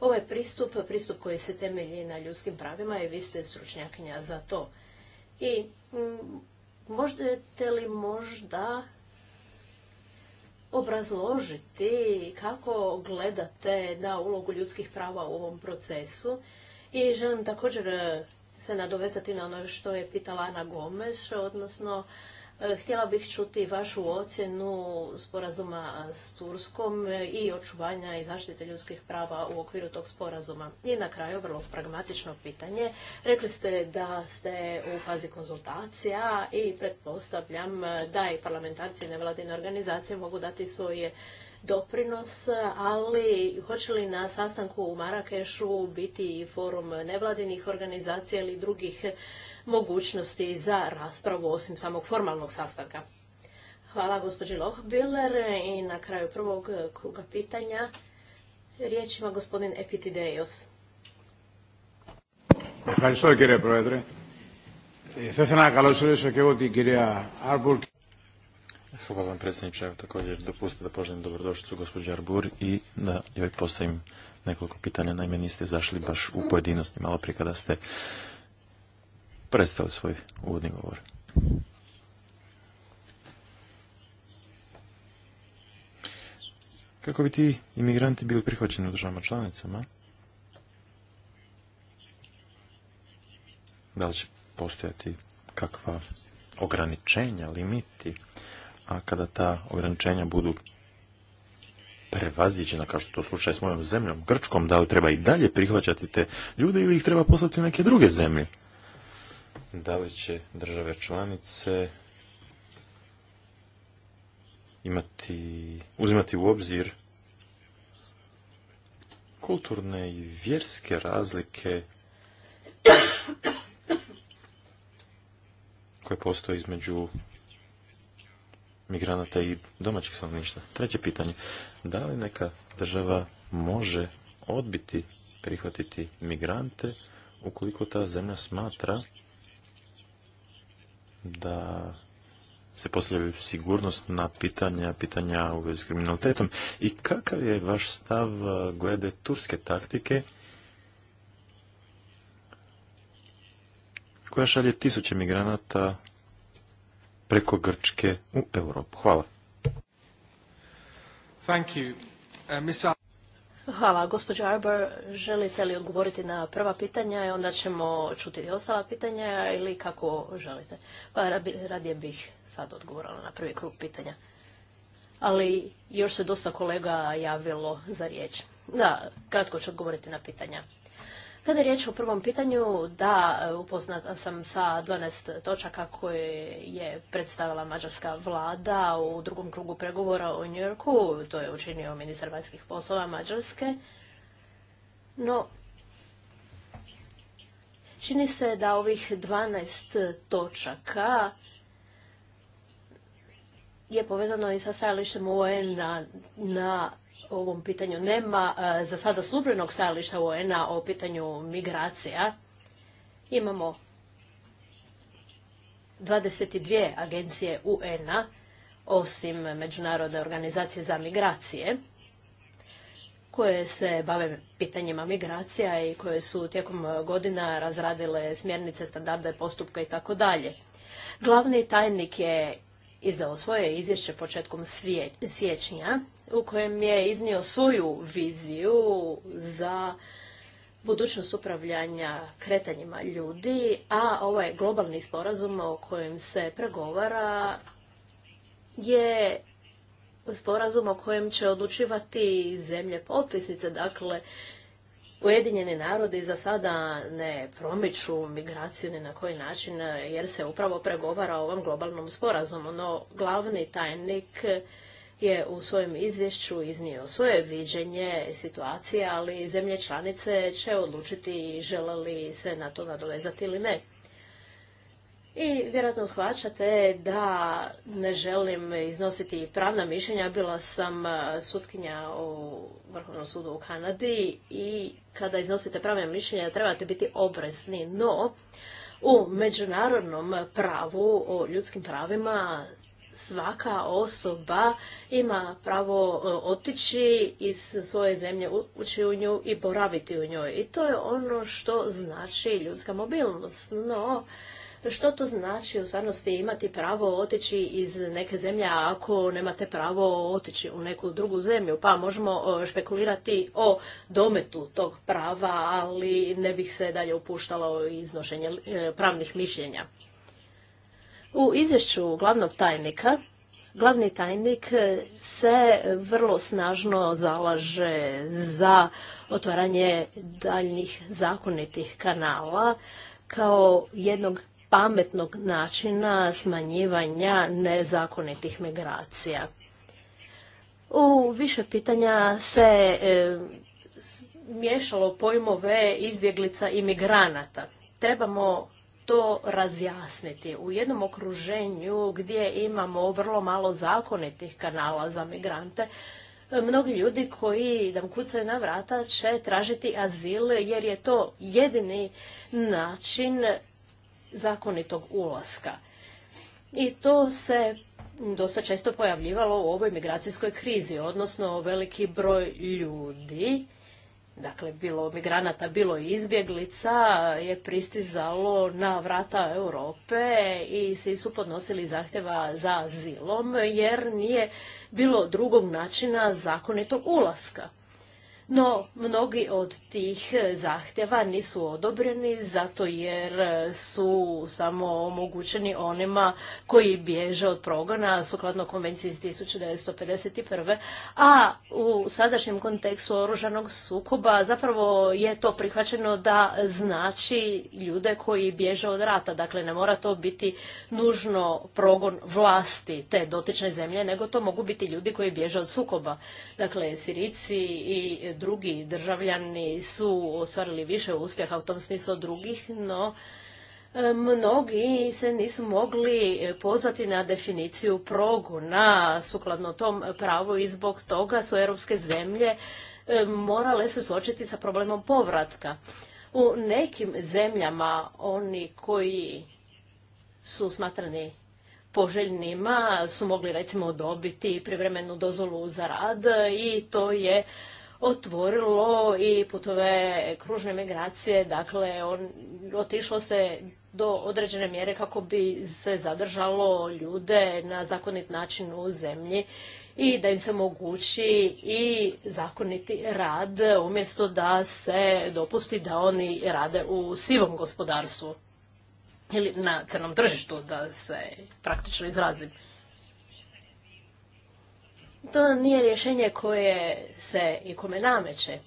ovaj pristup, pristup koji se temelji na ljudskim pravima i vi ste stručnjakinja za to. I mm, možete li možda obrazložiti kako gledate na ulogu ljudskih prava u ovom procesu. I želim također e, se nadovezati na ono što je pitala Ana Gomes, odnosno E, htjela bih čuti vašu ocjenu sporazuma s Turskom i očuvanja i zaštite ljudskih prava u okviru tog sporazuma. I na kraju, vrlo pragmatično pitanje. Rekli ste da ste u fazi konzultacija i pretpostavljam da i parlamentarci i nevladine organizacije mogu dati svoj doprinos, ali hoće li na sastanku u Marakešu biti i forum nevladinih organizacija ili drugih mogućnosti za raspravu osim samog formalnog sastanka. Hvala gospođi Lohbiller i na kraju prvog eh, kruga pitanja riječ ima gospodin Epitidejos. Hvala vam predsjedniče, također dopustite da poželim dobrodošlicu gospođi Arbur i da joj postavim nekoliko pitanja. Naime, niste zašli baš u pojedinosti malo prije kada ste prestali svoj uvodni govor. Kako bi ti imigranti bili prihvaćeni u državama članicama? Da li će postojati kakva ograničenja, limiti, a kada ta ograničenja budu prevaziđena, kao što to slučaj s mojom zemljom, Grčkom, da li treba i dalje prihvaćati te ljude ili ih treba poslati u neke druge zemlje? da li će države članice imati, uzimati u obzir kulturne i vjerske razlike koje postoje između migranata i domaćih stanovništva. Treće pitanje, da li neka država može odbiti prihvatiti migrante ukoliko ta zemlja smatra da se postavljaju na pitanja, pitanja u vezi s kriminalitetom. I kakav je vaš stav uh, glede turske taktike koja šalje tisuće migranata preko Grčke u Europu? Hvala. Thank you. Uh, Hvala. Gospođo Arbor, želite li odgovoriti na prva pitanja i onda ćemo čuti i ostala pitanja ili kako želite? Pa radije bih sad odgovorila na prvi krug pitanja. Ali još se dosta kolega javilo za riječ. Da, kratko ću odgovoriti na pitanja. Kada je riječ o prvom pitanju, da, e, upoznata sam sa 12 točaka koje je predstavila mađarska vlada u drugom krugu pregovora u Njorku. To je učinio ministar vanjskih poslova Mađarske. No, čini se da ovih 12 točaka je povezano i sa stajalištem UN-a na ovom pitanju nema e, za sada službenog stajališta UN-a o pitanju migracija. Imamo 22 agencije UN-a, osim Međunarodne organizacije za migracije, koje se bave pitanjima migracija i koje su tijekom godina razradile smjernice, standarde, postupka i tako dalje. Glavni tajnik je izdao svoje izvješće početkom siječnja u kojem je iznio svoju viziju za budućnost upravljanja kretanjima ljudi, a ovaj globalni sporazum o kojem se pregovara je sporazum o kojem će odlučivati zemlje potpisnice, dakle Ujedinjeni narodi za sada ne promiču migraciju ni na koji način jer se upravo pregovara o ovom globalnom sporazumu, no glavni tajnik je u svojem izvješću iznio svoje viđenje situacije, ali zemlje članice će odlučiti žele li se na to nadovezati ili ne. I vjerojatno shvaćate da ne želim iznositi pravna mišljenja. Bila sam e, sutkinja u Vrhovnom sudu u Kanadi i kada iznosite pravna mišljenja trebate biti obrezni, No, u međunarodnom pravu o ljudskim pravima svaka osoba ima pravo e, otići iz svoje zemlje, ući u nju i boraviti u njoj. I to je ono što znači ljudska mobilnost. No, što to znači u stvarnosti imati pravo otići iz neke zemlje ako nemate pravo otići u neku drugu zemlju? Pa možemo e, špekulirati o dometu tog prava, ali ne bih se dalje upuštalo iznošenje e, pravnih mišljenja. U izvješću glavnog tajnika Glavni tajnik e, se vrlo snažno zalaže za otvaranje daljnjih zakonitih kanala kao jednog pametnog načina smanjivanja nezakonitih migracija. U više pitanja se e, miješalo pojmove izbjeglica i migranata. Trebamo to razjasniti. U jednom okruženju gdje imamo vrlo malo zakonitih kanala za migrante, mnogi ljudi koji nam kucaju na vrata će tražiti azil jer je to jedini način zakonitog ulaska. I to se dosta često pojavljivalo u ovoj migracijskoj krizi, odnosno veliki broj ljudi dakle bilo migranata, bilo i izbjeglica je pristizalo na vrata Europe i svi su podnosili zahtjeva za azilom jer nije bilo drugog načina zakonitog ulaska. No, mnogi od tih zahtjeva nisu odobreni zato jer su samo omogućeni onima koji bježe od progona sukladno konvenciji iz 1951. A u sadašnjem kontekstu oružanog sukoba zapravo je to prihvaćeno da znači ljude koji bježe od rata. Dakle, ne mora to biti nužno progon vlasti te dotične zemlje, nego to mogu biti ljudi koji bježe od sukoba. Dakle, Sirici i drugi državljani su ostvarili više uspjeha u tom smislu od drugih, no e, mnogi se nisu mogli pozvati na definiciju progu na sukladno tom pravu i zbog toga su europske zemlje e, morale se suočiti sa problemom povratka. U nekim zemljama oni koji su smatrani poželjnima su mogli recimo dobiti privremenu dozvolu za rad i to je otvorilo i putove kružne migracije, dakle otišlo se do određene mjere kako bi se zadržalo ljude na zakonit način u zemlji i da im se mogući i zakoniti rad umjesto da se dopusti da oni rade u sivom gospodarstvu ili na crnom tržištu da se praktično izrazim to nije rješenje koje se i kome nameće.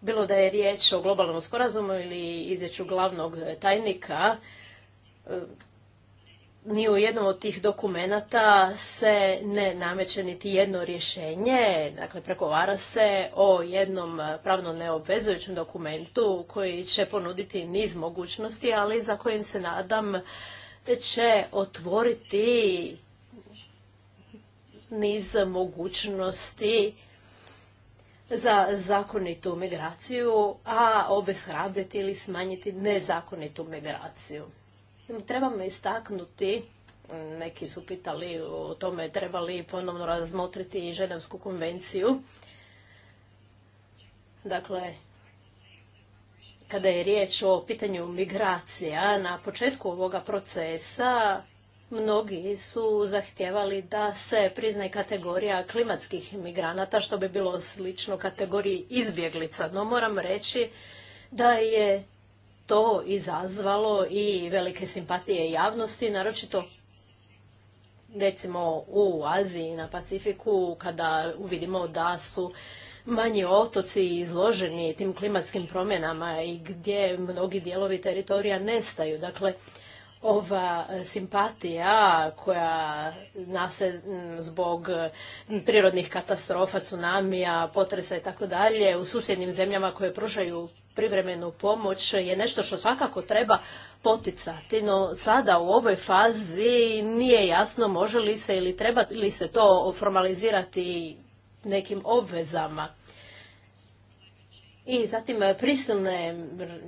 Bilo da je riječ o globalnom sporazumu ili izvješću glavnog tajnika, e, ni u jednom od tih dokumenata se ne nameće niti jedno rješenje, dakle pregovara se o jednom pravno neobvezujućem dokumentu koji će ponuditi niz mogućnosti, ali za kojim se nadam će otvoriti niz mogućnosti za zakonitu migraciju, a obeshrabriti ili smanjiti nezakonitu migraciju. Trebamo istaknuti, neki su pitali o tome trebali ponovno razmotriti i Ženevsku konvenciju. Dakle, kada je riječ o pitanju migracija, na početku ovoga procesa Mnogi su zahtjevali da se prizne kategorija klimatskih migranata, što bi bilo slično kategoriji izbjeglica. No moram reći da je to izazvalo i velike simpatije javnosti, naročito recimo u Aziji, na Pacifiku, kada uvidimo da su manji otoci izloženi tim klimatskim promjenama i gdje mnogi dijelovi teritorija nestaju. Dakle, ova e, simpatija koja nase zbog prirodnih katastrofa, tsunamija, potresa i tako dalje u susjednim zemljama koje pružaju privremenu pomoć je nešto što svakako treba poticati, no sada u ovoj fazi nije jasno može li se ili treba li se to formalizirati nekim obvezama. I zatim e, prisilne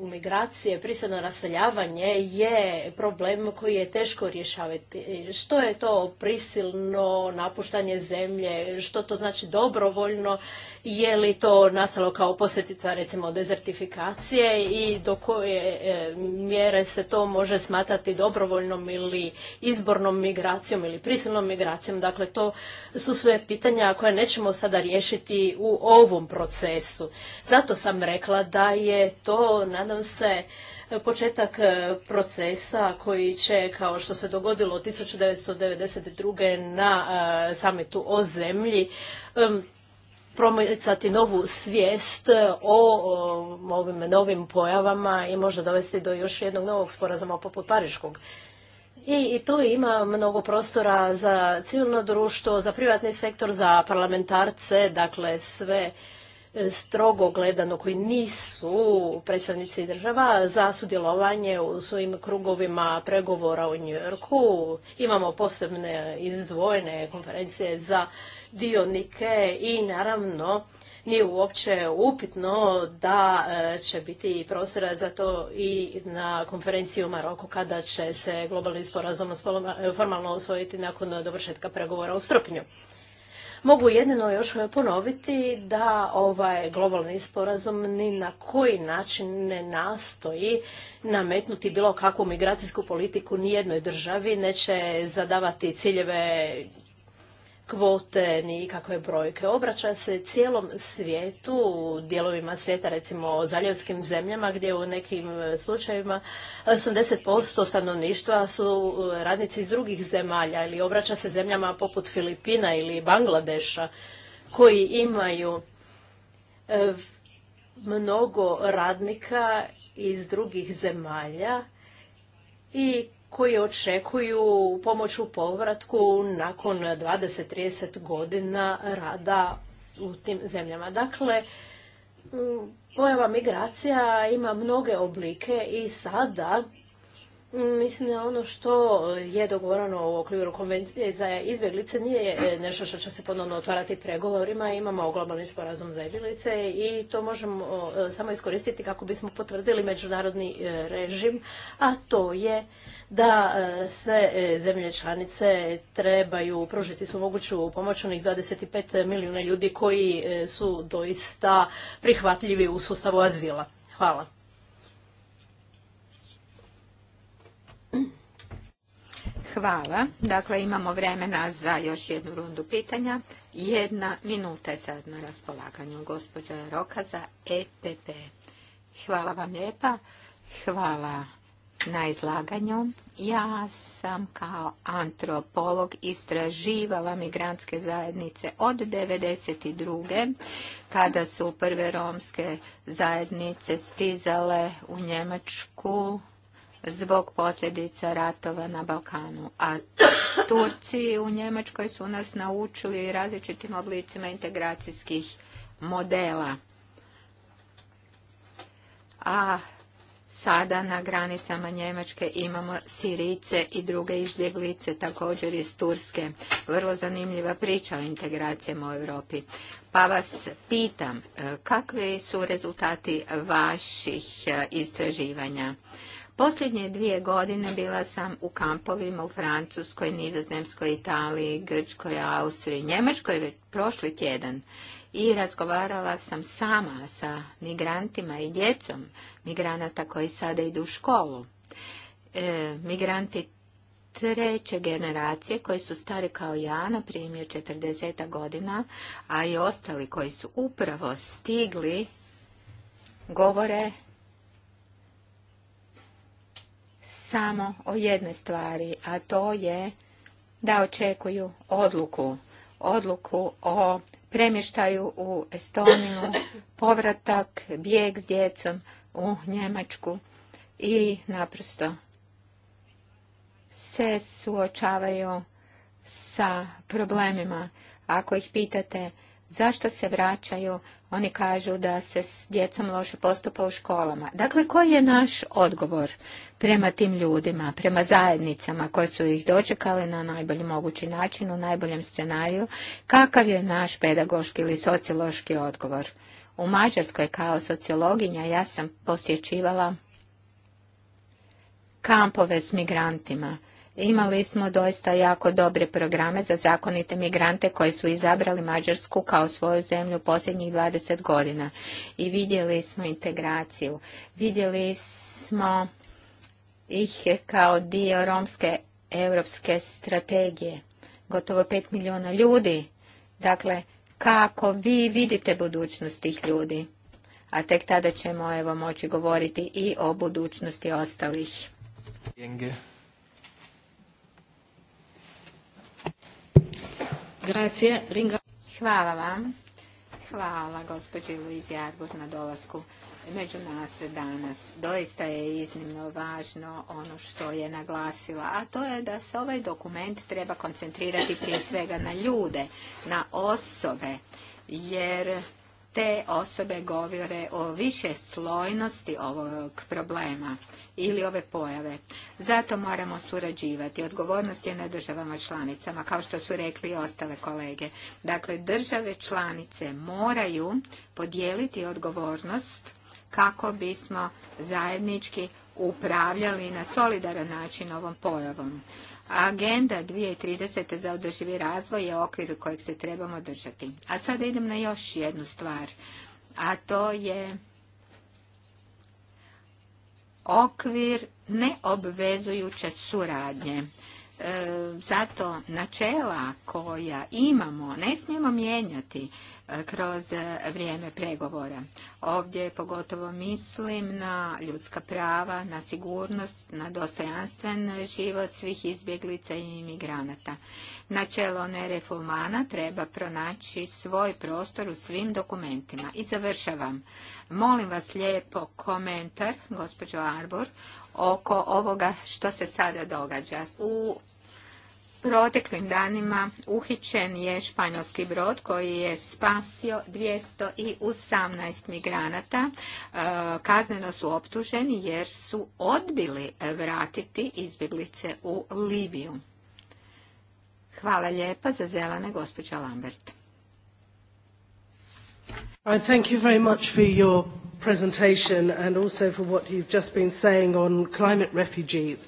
migracije, prisilno raseljavanje je problem koji je teško rješavati. Što je to prisilno napuštanje zemlje, što to znači dobrovoljno, je li to nastalo kao posjetica recimo dezertifikacije i do koje e, mjere se to može smatrati dobrovoljnom ili izbornom migracijom ili prisilnom migracijom. Dakle, to su sve pitanja koje nećemo sada riješiti u ovom procesu. Zato sam sam rekla da je to, nadam se, početak e, procesa koji će, kao što se dogodilo 1992. na e, samitu o zemlji, e, promicati novu svijest o ovim novim pojavama i možda dovesti do još jednog novog sporazuma poput Pariškog. I, I tu ima mnogo prostora za civilno društvo, za privatni sektor, za parlamentarce, dakle sve E, strogo gledano koji nisu predstavnici država za sudjelovanje u svojim krugovima pregovora u Njujorku. Imamo posebne izdvojene konferencije za dionike i naravno nije uopće upitno da e, će biti prostora za to i na konferenciji u Maroku kada će se globalni sporazum formalno usvojiti nakon dovršetka pregovora u srpnju. Mogu jedino još ponoviti da ovaj globalni sporazum ni na koji način ne nastoji nametnuti bilo kakvu migracijsku politiku nijednoj državi, neće zadavati ciljeve kvote, nikakve brojke. Obraća se cijelom svijetu, dijelovima svijeta, recimo zaljevskim zemljama, gdje u nekim e, slučajevima 80% stanovništva su e, radnici iz drugih zemalja ili obraća se zemljama poput Filipina ili Bangladeša koji imaju e, mnogo radnika iz drugih zemalja i koji očekuju pomoć u povratku nakon 20-30 godina rada u tim zemljama. Dakle, mm, pojava migracija ima mnoge oblike i sada mm, Mislim da ono što je dogovorano u okviru konvencije za izbjeglice nije nešto što će se ponovno otvarati pregovorima. Imamo globalni sporazum za izbjeglice i to možemo samo iskoristiti kako bismo potvrdili međunarodni e, režim, a to je da e, sve e, zemlje članice trebaju pružiti svu moguću pomoć onih 25 milijuna ljudi koji e, su doista prihvatljivi u sustavu azila. Hvala. Hvala. Dakle, imamo vremena za još jednu rundu pitanja. Jedna minuta je sad na raspolaganju gospođa Roka za EPP. Hvala vam lijepa. Hvala na izlaganju. Ja sam kao antropolog istraživala migrantske zajednice od 1992. kada su prve romske zajednice stizale u Njemačku zbog posljedica ratova na Balkanu. A Turci u Njemačkoj su nas naučili različitim oblicima integracijskih modela. A Sada na granicama Njemačke imamo Sirice i druge izbjeglice, također iz Turske. Vrlo zanimljiva priča o integracijama u Europi. Pa vas pitam, e, kakvi su rezultati vaših e, istraživanja? Posljednje dvije godine bila sam u kampovima u Francuskoj, Nizozemskoj, Italiji, Grčkoj, Austriji, Njemačkoj već prošli tjedan i razgovarala sam sama sa migrantima i djecom migranata koji sada idu u školu. E, migranti treće generacije koji su stari kao ja, na primjer 40 godina, a i ostali koji su upravo stigli, govore samo o jednoj stvari, a to je da očekuju odluku. Odluku o premještaju u Estoniju, povratak, bijeg s djecom, u Njemačku i naprosto se suočavaju sa problemima. Ako ih pitate zašto se vraćaju, oni kažu da se s djecom loše postupa u školama. Dakle, koji je naš odgovor prema tim ljudima, prema zajednicama koje su ih dočekale na najbolji mogući način, u najboljem scenariju? Kakav je naš pedagoški ili sociološki odgovor? U Mađarskoj kao sociologinja ja sam posjećivala kampove s migrantima. Imali smo doista jako dobre programe za zakonite migrante koji su izabrali Mađarsku kao svoju zemlju posljednjih 20 godina. I vidjeli smo integraciju. Vidjeli smo ih kao dio romske europske strategije. Gotovo 5 milijuna ljudi. Dakle, kako vi vidite budućnost tih ljudi. A tek tada ćemo evo moći govoriti i o budućnosti ostalih. Hvala vam. Hvala gospođi Luizi na dolasku među nas danas. Doista je iznimno važno ono što je naglasila, a to je da se ovaj dokument treba koncentrirati prije svega na ljude, na osobe, jer te osobe govore o više slojnosti ovog problema ili ove pojave. Zato moramo surađivati. Odgovornost je na državama članicama, kao što su rekli i ostale kolege. Dakle, države članice moraju podijeliti odgovornost kako bismo zajednički upravljali na solidaran način ovom pojavom. Agenda 2030. za održivi razvoj je okvir kojeg se trebamo držati. A sada idem na još jednu stvar, a to je okvir neobvezujuće suradnje. E, zato načela koja imamo ne smijemo mijenjati kroz vrijeme pregovora. Ovdje pogotovo mislim na ljudska prava, na sigurnost, na dostojanstven život svih izbjeglica i imigranata. Načelo nerefulmana treba pronaći svoj prostor u svim dokumentima. I završavam. Molim vas lijepo komentar, gospođo Arbor, oko ovoga što se sada događa. U proteklim danima uhićen je španjolski brod koji je spasio 218 migranata. E, kazneno su optuženi jer su odbili vratiti izbjeglice u Libiju. Hvala lijepa za zelane gospođa Lambert. I thank you very much for your presentation and also for what you've just been saying on climate refugees.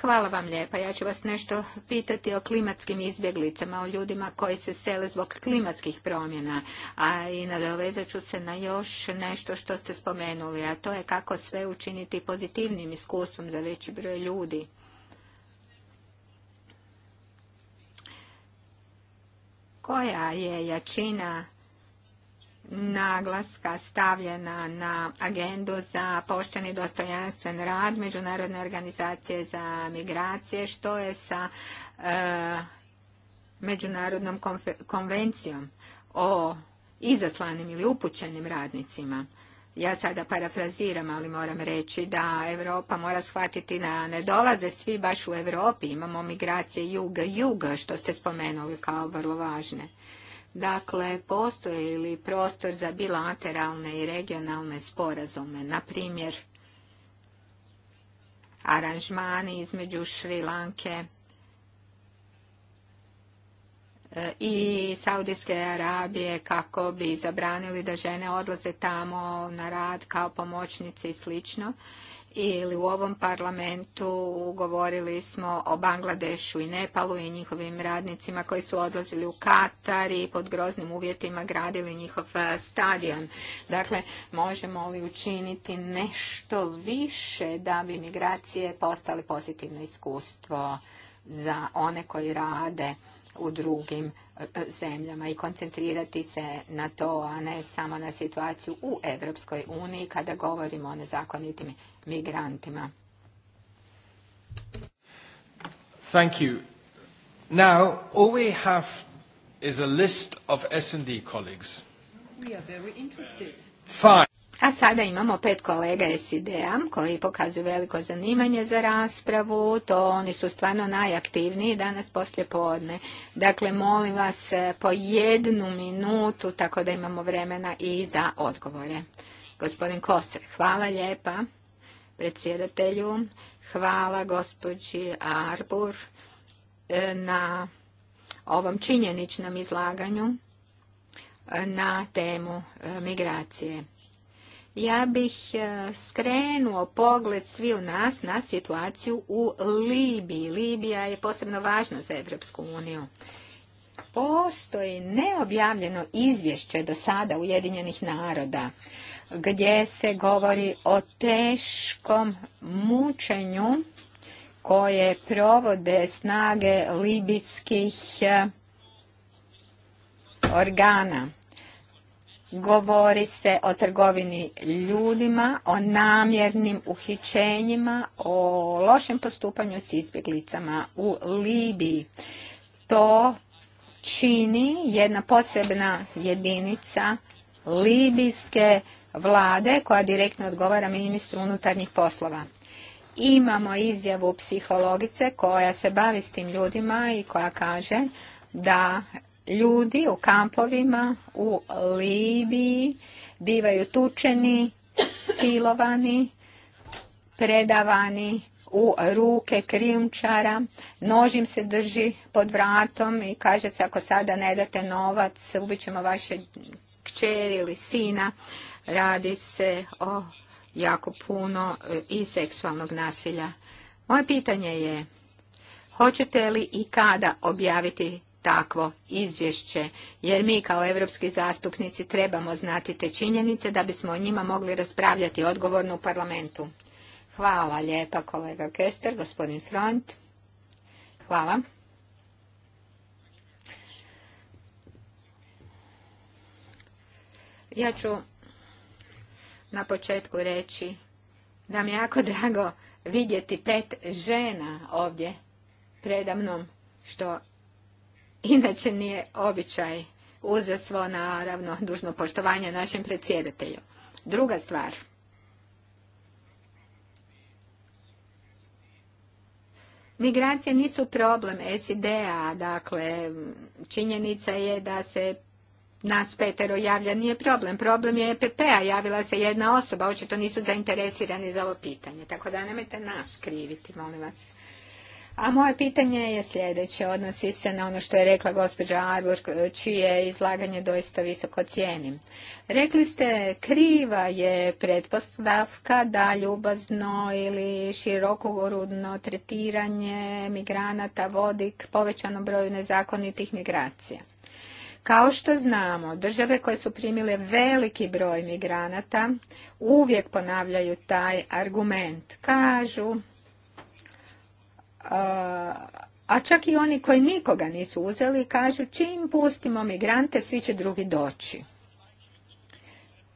Hvala vam lijepa. Ja ću vas nešto pitati o klimatskim izbjeglicama, o ljudima koji se sele zbog klimatskih promjena. A i nadovezat ću se na još nešto što ste spomenuli, a to je kako sve učiniti pozitivnim iskustvom za veći broj ljudi. Koja je jačina naglaska stavljena na agendu za pošteni dostojanstven rad Međunarodne organizacije za migracije, što je sa e, Međunarodnom konvencijom o izaslanim ili upućenim radnicima. Ja sada parafraziram, ali moram reći da Europa mora shvatiti da ne dolaze svi baš u Europi. Imamo migracije juga jug što ste spomenuli kao vrlo važne. Dakle, postoji li prostor za bilateralne i regionalne sporazume, na primjer aranžmani između Šri Lanke e, i Saudijske Arabije kako bi zabranili da žene odlaze tamo na rad kao pomoćnice i slično ili u ovom parlamentu govorili smo o Bangladešu i Nepalu i njihovim radnicima koji su odlazili u Katar i pod groznim uvjetima gradili njihov e, stadion. Dakle, možemo li učiniti nešto više da bi migracije postale pozitivno iskustvo za one koji rade u drugim zemljama i koncentrirati se na to, a ne samo na situaciju u Europskoj uniji kada govorimo o nezakonitim migrantima. Thank you. Now, all we have is a list of S&D colleagues. We are very interested. Fine. A sada imamo pet kolega SID-a koji pokazuju veliko zanimanje za raspravu. To oni su stvarno najaktivniji danas poslje podne. Dakle, molim vas e, po jednu minutu tako da imamo vremena i za odgovore. Gospodin Koser, hvala lijepa predsjedatelju. Hvala gospođi Arbur e, na ovom činjeničnom izlaganju e, na temu migracije ja bih e, skrenuo pogled svi u nas na situaciju u Libiji. Libija je posebno važna za Evropsku uniju. Postoji neobjavljeno izvješće do sada Ujedinjenih naroda gdje se govori o teškom mučenju koje provode snage libijskih e, organa govori se o trgovini ljudima, o namjernim uhićenjima, o lošem postupanju s izbjeglicama u Libiji. To čini jedna posebna jedinica libijske vlade koja direktno odgovara ministru unutarnjih poslova. Imamo izjavu psihologice koja se bavi s tim ljudima i koja kaže da ljudi u kampovima u Libiji bivaju tučeni, silovani, predavani u ruke krimčara, nožim se drži pod vratom i kaže se ako sada ne date novac, ćemo vaše kćeri ili sina. Radi se o jako puno e, i seksualnog nasilja. Moje pitanje je, hoćete li i kada objaviti takvo izvješće, jer mi kao europski zastupnici trebamo znati te činjenice da bismo o njima mogli raspravljati odgovorno u parlamentu. Hvala lijepa kolega Kester, gospodin Front. Hvala. Ja ću na početku reći da mi je jako (laughs) drago vidjeti pet žena ovdje predamnom, što inače nije običaj uze svo naravno dužno poštovanje našem predsjedatelju. Druga stvar. Migracije nisu problem SID-a, dakle činjenica je da se nas petero javlja, nije problem. Problem je EPP-a, javila se jedna osoba, očito nisu zainteresirani za ovo pitanje. Tako da nemojte nas kriviti, molim vas. A moje pitanje je sljedeće, odnosi se na ono što je rekla gospođa Arbor, čije izlaganje doista visoko cijenim. Rekli ste, kriva je pretpostavka da ljubazno ili gorudno tretiranje migranata vodi k povećanom broju nezakonitih migracija. Kao što znamo, države koje su primile veliki broj migranata uvijek ponavljaju taj argument. Kažu, a čak i oni koji nikoga nisu uzeli kažu čim pustimo migrante svi će drugi doći.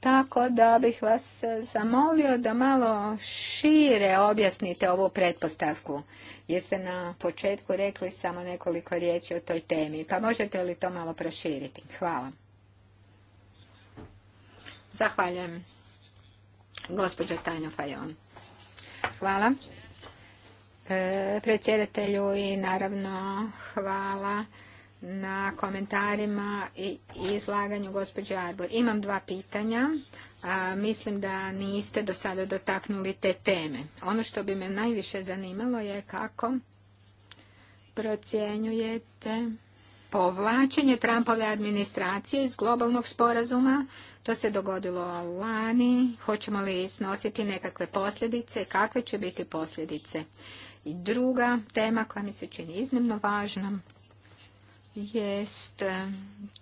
Tako da bih vas e, zamolio da malo šire objasnite ovu pretpostavku, jer ste na početku rekli samo nekoliko riječi o toj temi. Pa možete li to malo proširiti? Hvala. Zahvaljujem, gospođo Tanja Fajon. Hvala. E, predsjedatelju i naravno hvala na komentarima i izlaganju gospođe Arbor. Imam dva pitanja. mislim da niste do sada dotaknuli te teme. Ono što bi me najviše zanimalo je kako procjenjujete povlačenje Trumpove administracije iz globalnog sporazuma. To se dogodilo lani. Hoćemo li snositi nekakve posljedice? Kakve će biti posljedice? I druga tema koja mi se čini iznimno važna jest eh,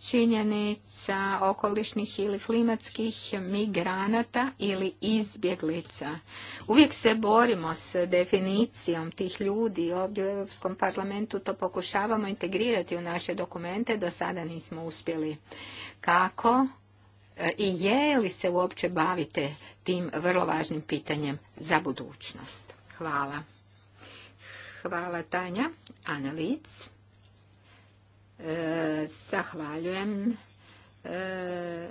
činjenica okolišnih ili klimatskih migranata ili izbjeglica. Uvijek se borimo s definicijom tih ljudi. Ovdje u Europskom parlamentu to pokušavamo integrirati u naše dokumente. Do sada nismo uspjeli. Kako? Eh, I je li se uopće bavite tim vrlo važnim pitanjem za budućnost? Hvala. Hvala Tanja. Ana Lic. E, zahvaljujem. E,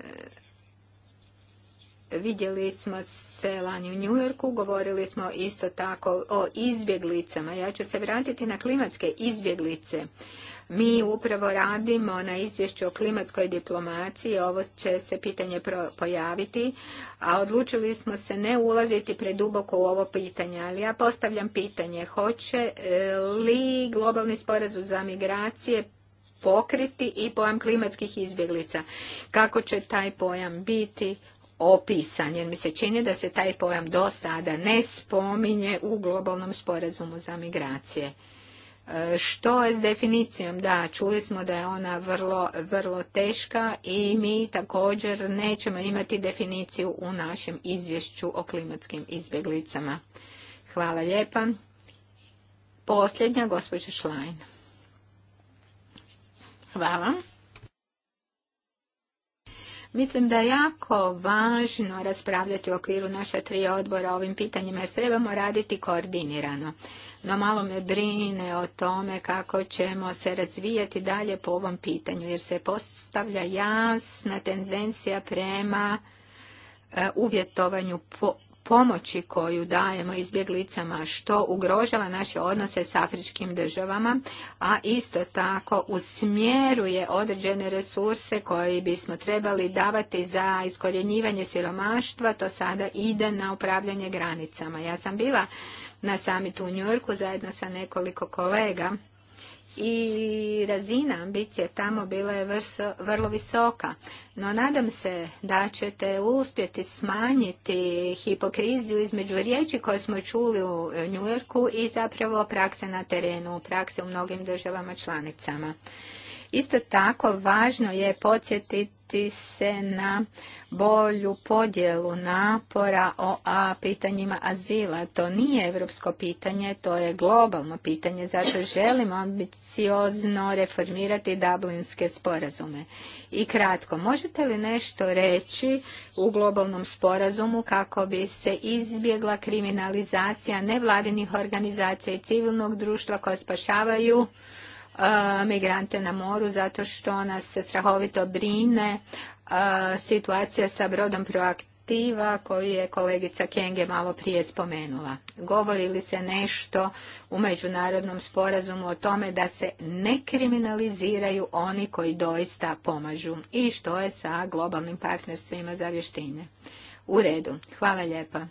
vidjeli smo se lani u Njujorku, govorili smo isto tako o izbjeglicama. Ja ću se vratiti na klimatske izbjeglice. Mi upravo radimo na izvješću o klimatskoj diplomaciji, ovo će se pitanje pojaviti, a odlučili smo se ne ulaziti preduboko u ovo pitanje, ali ja postavljam pitanje, hoće e, li globalni sporazum za migracije pokriti i pojam klimatskih izbjeglica. Kako će taj pojam biti opisan, jer mi se čini da se taj pojam do sada ne spominje u globalnom sporazumu za migracije. Što je s definicijom? Da, čuli smo da je ona vrlo, vrlo teška i mi također nećemo imati definiciju u našem izvješću o klimatskim izbjeglicama. Hvala lijepa. Posljednja, gospođa Šlajn. Hvala. Mislim da je jako važno raspravljati u okviru naša tri odbora o ovim pitanjima jer trebamo raditi koordinirano no malo me brine o tome kako ćemo se razvijati dalje po ovom pitanju, jer se postavlja jasna tendencija prema e, uvjetovanju pomoći koju dajemo izbjeglicama što ugrožava naše odnose s afričkim državama, a isto tako usmjeruje određene resurse koje bismo trebali davati za iskorjenjivanje siromaštva, to sada ide na upravljanje granicama. Ja sam bila na samitu u Njurku zajedno sa nekoliko kolega i razina ambicije tamo bila je vrlo visoka. No nadam se da ćete uspjeti smanjiti hipokriziju između riječi koje smo čuli u Njujorku i zapravo prakse na terenu, prakse u mnogim državama članicama. Isto tako važno je podsjetiti se na bolju podjelu napora o a, pitanjima azila. To nije europsko pitanje, to je globalno pitanje, zato želimo ambiciozno reformirati Dublinske sporazume. I kratko, možete li nešto reći u globalnom sporazumu kako bi se izbjegla kriminalizacija nevladinih organizacija i civilnog društva koje spašavaju E, migrante na moru zato što nas se strahovito brine e, situacija sa brodom proaktiva koju je kolegica Kenge malo prije spomenula. Govori li se nešto u međunarodnom sporazumu o tome da se ne kriminaliziraju oni koji doista pomažu i što je sa globalnim partnerstvima za vještine? U redu. Hvala lijepa.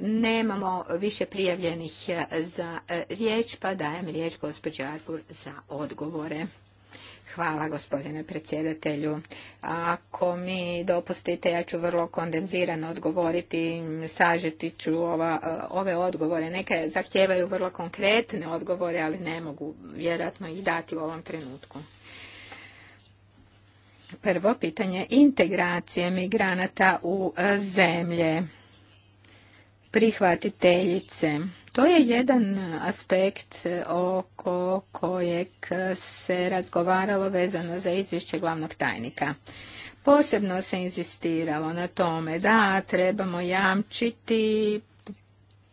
Nemamo više prijavljenih e, za e, riječ, pa dajem riječ gospođi Arbur za odgovore. Hvala gospodine predsjedatelju. Ako mi dopustite, ja ću vrlo kondenzirano odgovoriti, sažeti ću ova, e, ove odgovore. Neke zahtijevaju vrlo konkretne odgovore, ali ne mogu vjerojatno ih dati u ovom trenutku. Prvo pitanje integracije migranata u zemlje prihvatiteljice. To je jedan aspekt e, oko kojeg se razgovaralo vezano za izvješće glavnog tajnika. Posebno se inzistiralo na tome da trebamo jamčiti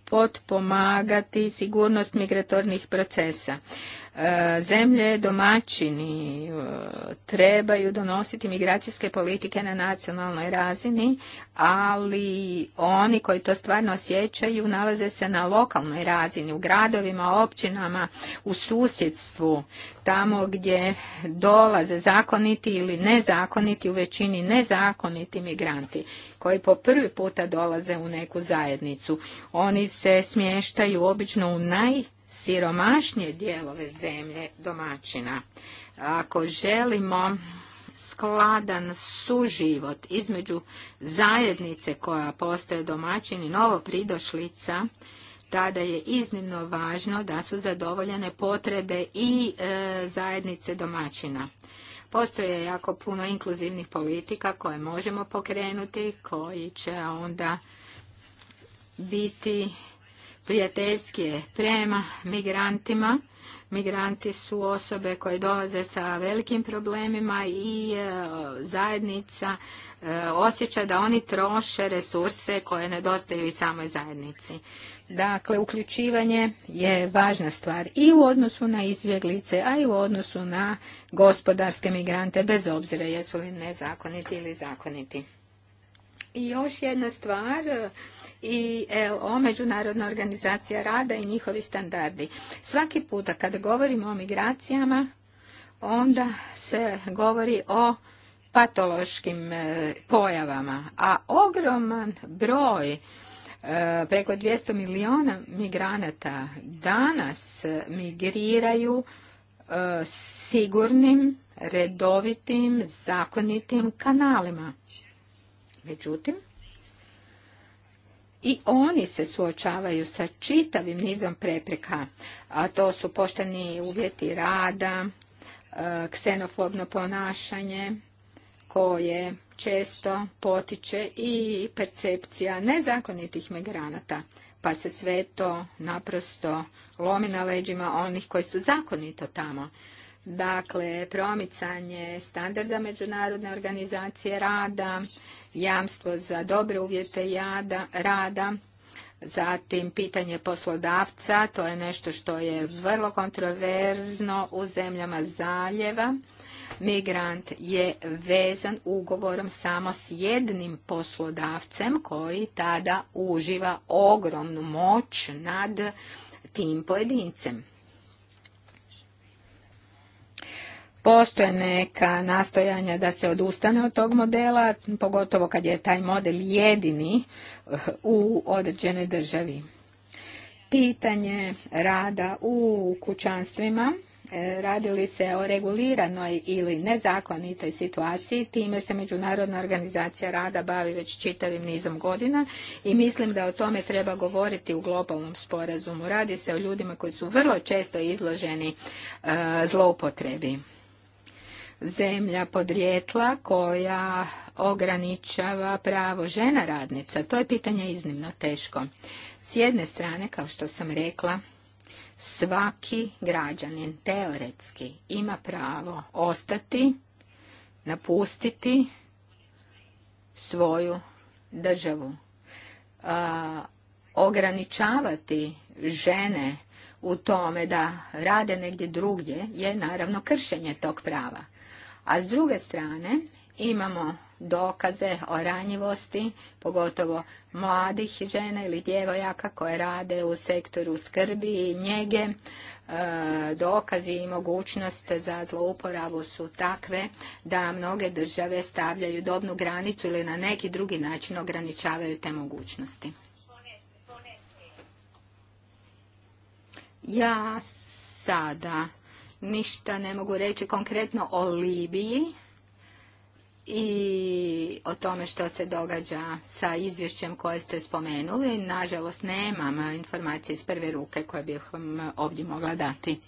potpomagati sigurnost migratornih procesa. E, zemlje domaćini e, trebaju donositi migracijske politike na nacionalnoj razini, ali oni koji to stvarno osjećaju nalaze se na lokalnoj razini, u gradovima, općinama, u susjedstvu, tamo gdje dolaze zakoniti ili nezakoniti, u većini nezakoniti migranti koji po prvi puta dolaze u neku zajednicu. Oni se smještaju obično u naj siromašnije dijelove zemlje domaćina. Ako želimo skladan suživot između zajednice koja postaje domaćin i novo pridošlica, tada je iznimno važno da su zadovoljene potrebe i e, zajednice domaćina. Postoje jako puno inkluzivnih politika koje možemo pokrenuti, koji će onda biti prijateljski prema migrantima. Migranti su osobe koje dolaze sa velikim problemima i e, zajednica e, osjeća da oni troše resurse koje nedostaju i samoj zajednici. Dakle, uključivanje je važna stvar i u odnosu na izbjeglice, a i u odnosu na gospodarske migrante, bez obzira jesu li nezakoniti ili zakoniti. I još jedna stvar i ILO, e Međunarodna organizacija rada i njihovi standardi. Svaki puta kada govorimo o migracijama, onda se govori o patološkim e, pojavama, a ogroman broj e, preko 200 miliona migranata danas migriraju sigurnim, redovitim, zakonitim kanalima. Međutim, i oni se suočavaju sa čitavim nizom prepreka, a to su pošteni uvjeti rada, e, ksenofobno ponašanje koje često potiče i percepcija nezakonitih migranata, pa se sve to naprosto lomi na leđima onih koji su zakonito tamo. Dakle, promicanje standarda međunarodne organizacije rada, jamstvo za dobre uvjete jada, rada, Zatim pitanje poslodavca, to je nešto što je vrlo kontroverzno u zemljama zaljeva. Migrant je vezan ugovorom samo s jednim poslodavcem koji tada uživa ogromnu moć nad tim pojedincem. Postoje neka nastojanja da se odustane od tog modela, pogotovo kad je taj model jedini eh, u određenoj državi. Pitanje rada u kućanstvima eh, radili se o reguliranoj ili nezakonitoj situaciji. Time se Međunarodna organizacija rada bavi već čitavim nizom godina i mislim da o tome treba govoriti u globalnom sporazumu. Radi se o ljudima koji su vrlo često izloženi eh, zloupotrebi zemlja podrijetla koja ograničava pravo žena radnica. To je pitanje iznimno teško. S jedne strane, kao što sam rekla, svaki građanin teoretski ima pravo ostati, napustiti svoju državu. ograničavati žene u tome da rade negdje drugdje je naravno kršenje tog prava. A s druge strane imamo dokaze o ranjivosti, pogotovo mladih žena ili djevojaka koje rade u sektoru skrbi i njege. E, dokazi i mogućnost za zlouporabu su takve da mnoge države stavljaju dobnu granicu ili na neki drugi način ograničavaju te mogućnosti. Ja sada ništa ne mogu reći konkretno o Libiji i o tome što se događa sa izvješćem koje ste spomenuli. Nažalost, nemam informacije iz prve ruke koje bih vam ovdje mogla dati.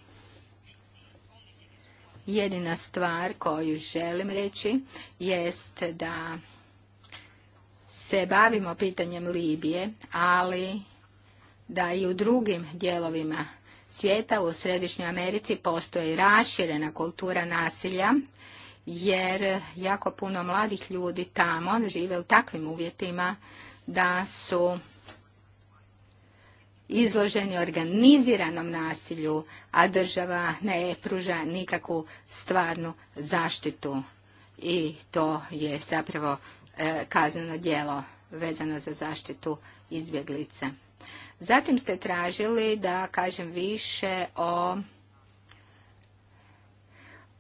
Jedina stvar koju želim reći jest da se bavimo pitanjem Libije, ali da i u drugim dijelovima svijeta. U Središnjoj Americi postoji raširena kultura nasilja jer jako puno mladih ljudi tamo žive u takvim uvjetima da su izloženi organiziranom nasilju, a država ne pruža nikakvu stvarnu zaštitu. I to je zapravo e, kazneno djelo vezano za zaštitu izbjeglica. Zatim ste tražili da kažem više o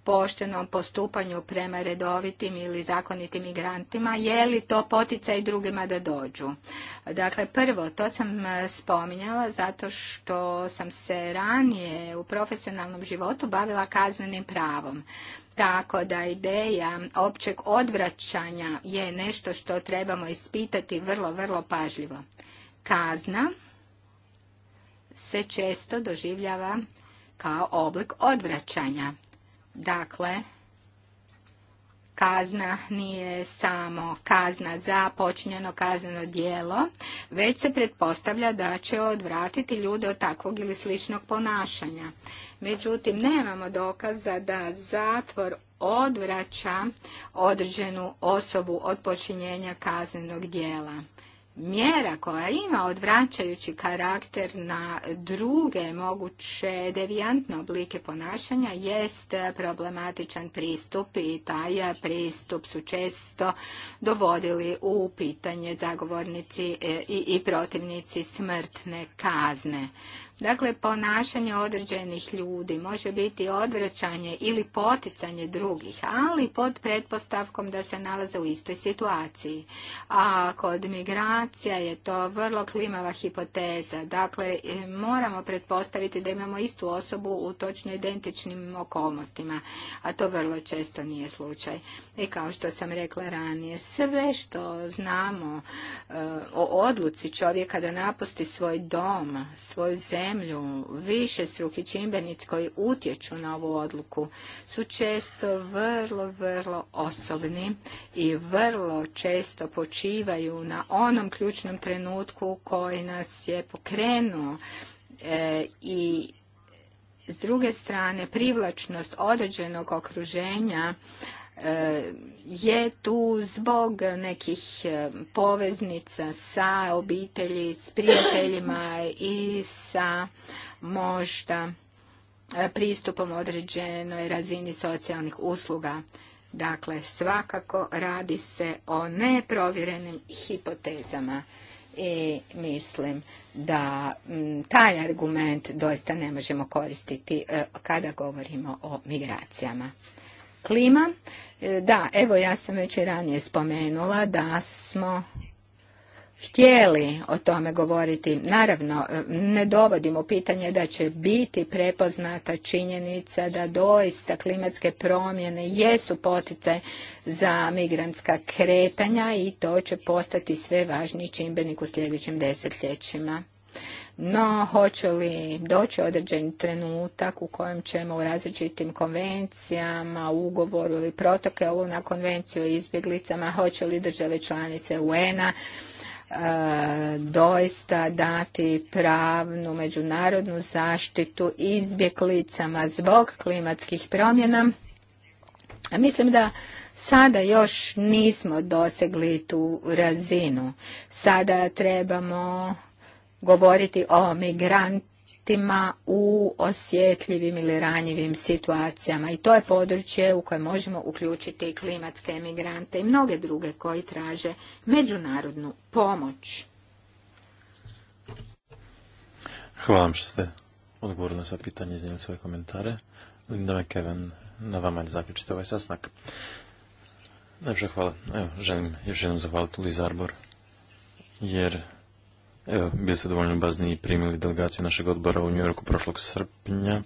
poštenom postupanju prema redovitim ili zakonitim migrantima, je li to poticaj drugima da dođu? Dakle, prvo, to sam e, spominjala zato što sam se ranije u profesionalnom životu bavila kaznenim pravom. Tako da ideja općeg odvraćanja je nešto što trebamo ispitati vrlo, vrlo pažljivo. Kazna se često doživljava kao oblik odvraćanja. Dakle, kazna nije samo kazna za počinjeno kazneno djelo, već se pretpostavlja da će odvratiti ljude od takvog ili sličnog ponašanja. Međutim, nemamo dokaza da zatvor odvraća određenu osobu od počinjenja kaznenog djela mjera koja ima odvraćajući karakter na druge moguće devijantne oblike ponašanja jest problematičan pristup i taj pristup su često dovodili u pitanje zagovornici e, i protivnici smrtne kazne. Dakle, ponašanje određenih ljudi može biti odvraćanje ili poticanje drugih, ali pod pretpostavkom da se nalaze u istoj situaciji. A kod migracija je to vrlo klimava hipoteza. Dakle, e, moramo pretpostaviti da imamo istu osobu u točno identičnim okolnostima, a to vrlo često nije slučaj. I kao što sam rekla ranije, sve što znamo e, o odluci čovjeka da napusti svoj dom, svoju zemlju, zemlju. Više struki čimbenici koji utječu na ovu odluku su često vrlo, vrlo osobni i vrlo često počivaju na onom ključnom trenutku koji nas je pokrenuo e, i s druge strane privlačnost određenog okruženja E, je tu zbog nekih e, poveznica sa obitelji, s prijateljima i sa možda e, pristupom određenoj razini socijalnih usluga. Dakle, svakako radi se o neprovjerenim hipotezama i mislim da taj argument doista ne možemo koristiti kada govorimo o migracijama. Klima, e, da, evo ja sam već i ranije spomenula da smo htjeli o tome govoriti. Naravno, e, ne dovodimo pitanje da će biti prepoznata činjenica da doista klimatske promjene jesu potice za migrantska kretanja i to će postati sve važniji čimbenik u sljedećim desetljećima. No, hoće li doći određen trenutak u kojem ćemo u različitim konvencijama, ugovoru ili protoke na konvenciju o izbjeglicama, hoće li države članice UN-a e, doista dati pravnu međunarodnu zaštitu izbjeglicama zbog klimatskih promjena. Mislim da sada još nismo dosegli tu razinu. Sada trebamo govoriti o migrantima u osjetljivim ili ranjivim situacijama. I to je područje u koje možemo uključiti klimatske migrante i mnoge druge koji traže međunarodnu pomoć. Hvala vam što ste odgovorili na sva pitanja i iznijeli svoje komentare. Linda McKeven, na vama da zaključite ovaj sasnak. Najpše hvala. Evo, želim još jednom zahvaliti Liz Arbor, jer Evo, bili ste dovoljno bazni i primili delegaciju našeg odbora u Njujorku prošlog srpnja.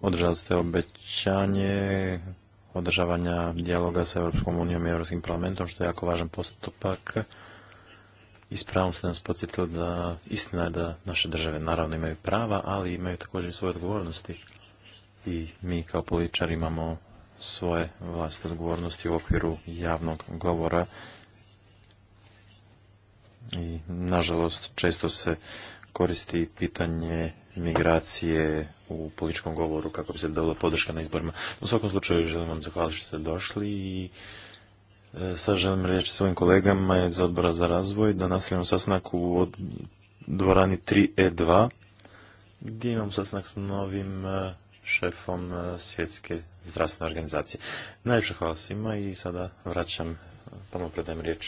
Održali ste obećanje održavanja dijaloga sa Europskom unijom i Europskim parlamentom, što je jako važan postupak. ispravno s pravom ste nas podsjetili da istina je da naše države naravno imaju prava, ali imaju također i svoje odgovornosti. I mi kao političari imamo svoje vlastite odgovornosti u okviru javnog govora i nažalost često se koristi pitanje migracije u političkom govoru kako bi se dobila podrška na izborima. U svakom slučaju želim vam zahvaliti što ste došli i e, sad želim reći svojim kolegama iz odbora za razvoj da nastavljamo sastanak u dvorani 3E2 gdje imam sastanak s novim e, šefom e, svjetske zdravstvene organizacije. Najljepše hvala svima i sada vraćam, ponovno predajem riječ